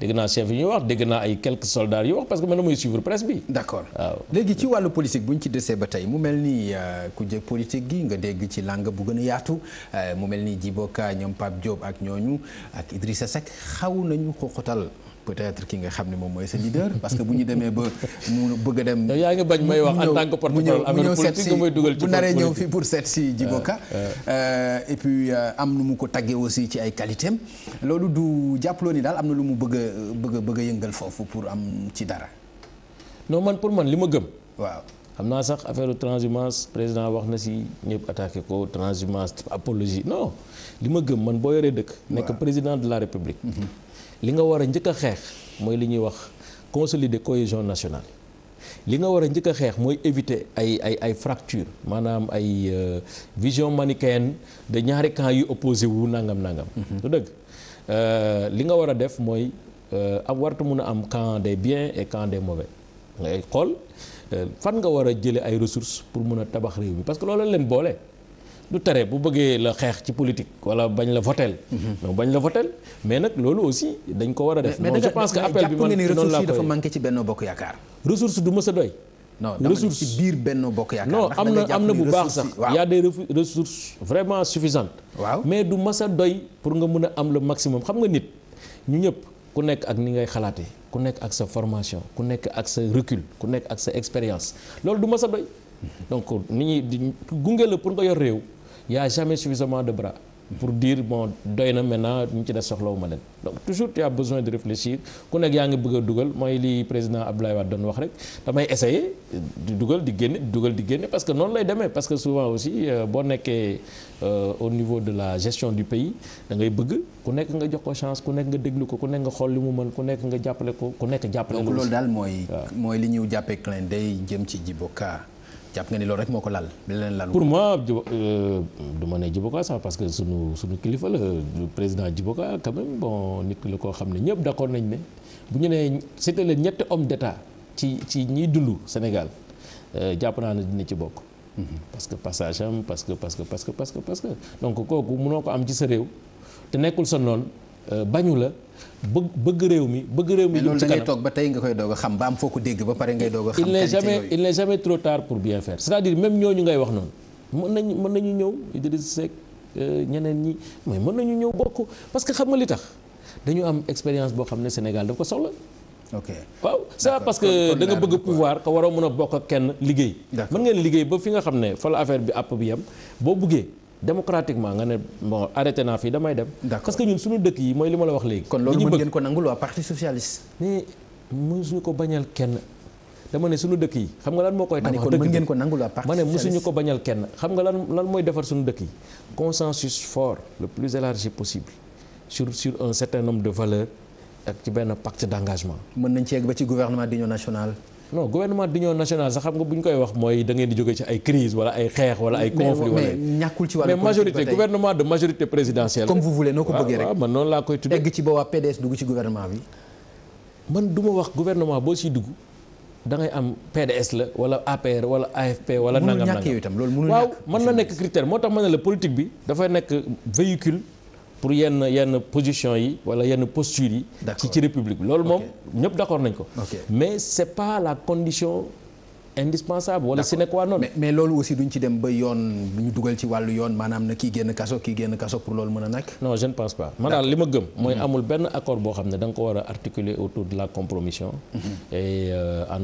dégg naa chef yi ñuy wax dégg naa ay quelques soldats yu wax parce que man damay suivre presse bi. d'accord waaw léegi ci wàllu politique bu ñu ci desee ba tey mu mel ni euh, ku jëkk politique gi nga dégg ci làng bu gën a yaatu euh, mu mel ni Djibo Ka ñoom Pape Diop ak ñooñu ak Idrissa sec xaw nañu xoxotal peut-être ki nga xam ne moom mooy sa leader parce que bu ñu demee ba mu bëgg a dem. yaa ngi bañ may wax en tant que porte-parole affaire politique nga may dugal ci ñëw fii pour seet si Djibo Ka ah, ah. euh, et puis euh, am nu mu ko taggee aussi ci ay qualité loolu du jàppaloo ni daal am na lu mu bëgg a bëgg bëgg a yëngal foofu pour am ci dara. non man pour man li ma gëm. waaw xam naa sax affaire transhumance président wax na si ñëpp attaqué ko transhumance apologie non li ma gëm man boo yoree dëkk. nekk président de la république. Mm-hmm. li nga war a njëkk a xeex mooy li ñuy wax consolider cohésion nationale li nga war a njëkk a xeex mooy éviter ay ay ay fracture maanaam ay euh, vision manichéenne de ñaari camp yu opposé wu nangam nangam. Mhm. du dëgg euh, li nga war a def mooy euh, am wartu mun a am camp des bien et camp des mauvais ngay xool fan nga war a jële ay ressources pour mun a tabax réew mi parce que loola leen boole. du tere bu bëggee la xeex ci politique wala bañ la votel mhm. bañ la votel mais nag loolu aussi dañ ko war a def. mais je pense que appel bi man noonu laa koy dafa manqué ci Benno Bokk Yaakaar. ressource du mës a doy. non dama ne ci biir Benno Bokk Yaakaar. non am na am na bu baax sax y a des ressources vraiment suffisantes. waaw mais du mës a doy pour nga mun a am le maximum xam nga nit ñu ñëpp. ku nekk ak ni ngay xalaatee ku nekk ak sa formation ku nekk ak sa recul ku nekk ak sa expérience loolu du ma sa doy mhm. donc nit ñi gunge la pour nga yor réew. yaa a jamais suffisamment de bras pour dire bon doy na maintenant ñu ci des ma leen donc toujours tu as besoin de réfléchir ku nekk yaa ngi bëgg a dugal mooy li président Abdoulaye Wade doon wax rek damay essayer dugal di génne dugal di génne parce que noonu lay demee parce que souvent aussi euh, boo nekkee euh, au niveau de la gestion du pays da ngay bëgg ku nekk nga jox ko chance ku nekk nga déglu ko ku nekk nga xool li mu mën ku nekk nga jàppale ko ku nekk jàppale. donc loolu daal mooy. mooy li ñu jàppee clin jëm ci Djibo Ka jàpp nga ni loolu rek moo ko lal leneen lalu. pour moi euh, du ma ne Djiboka sax parce que sunu sunu kilifa la président Djiboka quand même bon nit la koo xam ne ñëpp d' accord nañ ne bu ñu nee c'était le ñetti homme d' ci ci ñiy dund Sénégal euh, jàpp naa ne dina ci bokk. Mhm. parce que passage am parce que que parce que parce que parce que donc kooku mënoo ko am ci sa réew te nekkul sa noonu. Euh, bañu la bëgg bëgg réew mi bëgg réew mi. loolu da ngay toog ba tey nga koy doog a xam ba am foo ko dégg ba pare ngay doog a xam. il n'est jamais il n'est jamais trop tard pour bien faire c'est-à-dire même ñooñu ngay wax noonu mën nañu mën nañu ñëw Idriss euh, ñeneen ñi mais mën nañu ñëw bokk parce que xam nga li tax dañu am expérience boo xam ne Sénégal daf ko soxla. ok waaw c'est parce que da nga bëgg pouvoir ka waroo mën a bokk kenn liggéey. mën ngeen liggéey ba fi nga xam ne fa la affaire bi àpp bi yam boo buggee. démocratiquement nga ne bon arrêté naa fii damay dem. parce que ñun suñu dëkk yi mooy li ma wax léegi. kon loolu mën ngeen ko nangul waa parti socialiste. mais mësuñu ko bañal kenn dama ne suñu dëkk yi xam nga lan moo koy. tax dëkk ngeen ko nangul waa parti socialiste ma ne mësuñu ko bañal kenn xam nga lan lan mooy defar suñu dëkk yi. consensus fort le plus élargi possible sur sur un certain nombre de valeurs ak ci benn pacte d' mën nañ ci ba ci gouvernement d'union nationale. non gouvernement d'union nationale sax xam nga bu ñu koy wax mooy da ngeen di jóge ci ay crise wala ay xeex wala ay conflit wala ñàkkul ci wàllu mais majorité gouvernement de majorité présidentielle comme vous voulez noo ko bëggee rek man noonu laa koy tuddee egg waa PDS dugg ci gouvernement bi man du ma wax gouvernement boo si dugg da ngay am PDS la wala APR wala AFP wala nangam nangam waaw mën na nekk critère moo tax ma ne la politique bi dafay nekk véhicule pour yenn yenn position yi wala yenn posture yi. ci ci république bi loolu moom ñëpp d'accord nañ ko. mais c'est pas la condition. indispensable wala sine qua non. mais mais loolu aussi duñ ci dem ba yoon ñu dugal ci wàllu yoon maanaam na ki génn kaso kii génn kaso pour loolu mën a nekk. non je ne pense pas man daal li ma mm-hmm. ko a articuler autour de la compromission. Mm-hmm. et euh, en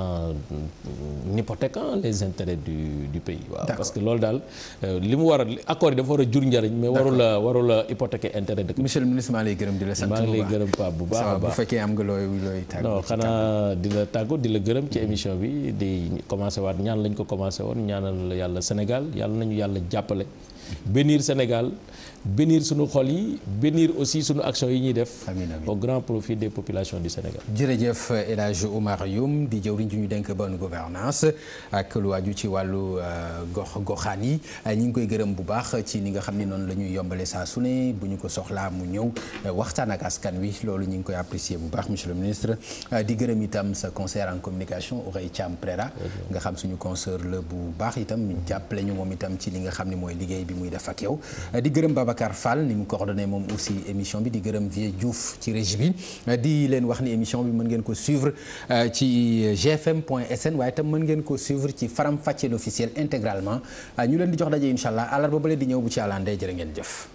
en hypothéquant les intérêts du du pays. waaw parce que loolu daal euh, li mu war a accord yi dafa war a jur njëriñ. mais warul a warul a hypothéquer intérêt dëkk. monsieur le ministre maa lay gërëm di la sant bu baax maa ngi lay bu baax a baax. bu fekkee am nga looy looy tàggu. non xanaa di la tàggu di la gërëm ci mm-hmm. émission bi. bi di commencé waat ñaan lañ ko commencé woon ñaanal yàlla Sénégal yàlla nañu yàlla jàppale bénir Sénégal bénir suñu xol yi bénir aussi suñu action yi ñuy def au grand profit des populations du Sénégal jërëjëf El Hadj Oumar Youm di jëwriñ ju ñu denk bonne gouvernance ak lu waaju ci wàllu euh, gox goxaan yi ñi ngi koy gërëm bu baax ci ni nga xam ne noonu la ñuy yombale saa su ne bu ñu ko soxlaa mu ñëw euh, waxtaan ak askan wi loolu ñu ngi koy apprécier bu baax monsieur le ministre euh, di gërëm itam sa conseiller en communication Ourey Thiam Prera nga xam suñu conseiller la bu baax itam jàppale ñu moom itam ci li nga xam ne mooy liggéey bi muy def ak yow di gërëm Babacar Babacar Fall ni mu coordonné moom aussi émission bi di gërëm Vieux Diouf ci régie bi di leen wax ni émission bi mën ngeen ko suivre euh, ci gfm point sn waaye itam mën ngeen ko suivre ci Faram Facce l'officiel intégralement euh, ñu leen di jox daje incha allah àllarba bële di ñëw bu ci àllandee jërë ngeen jëf.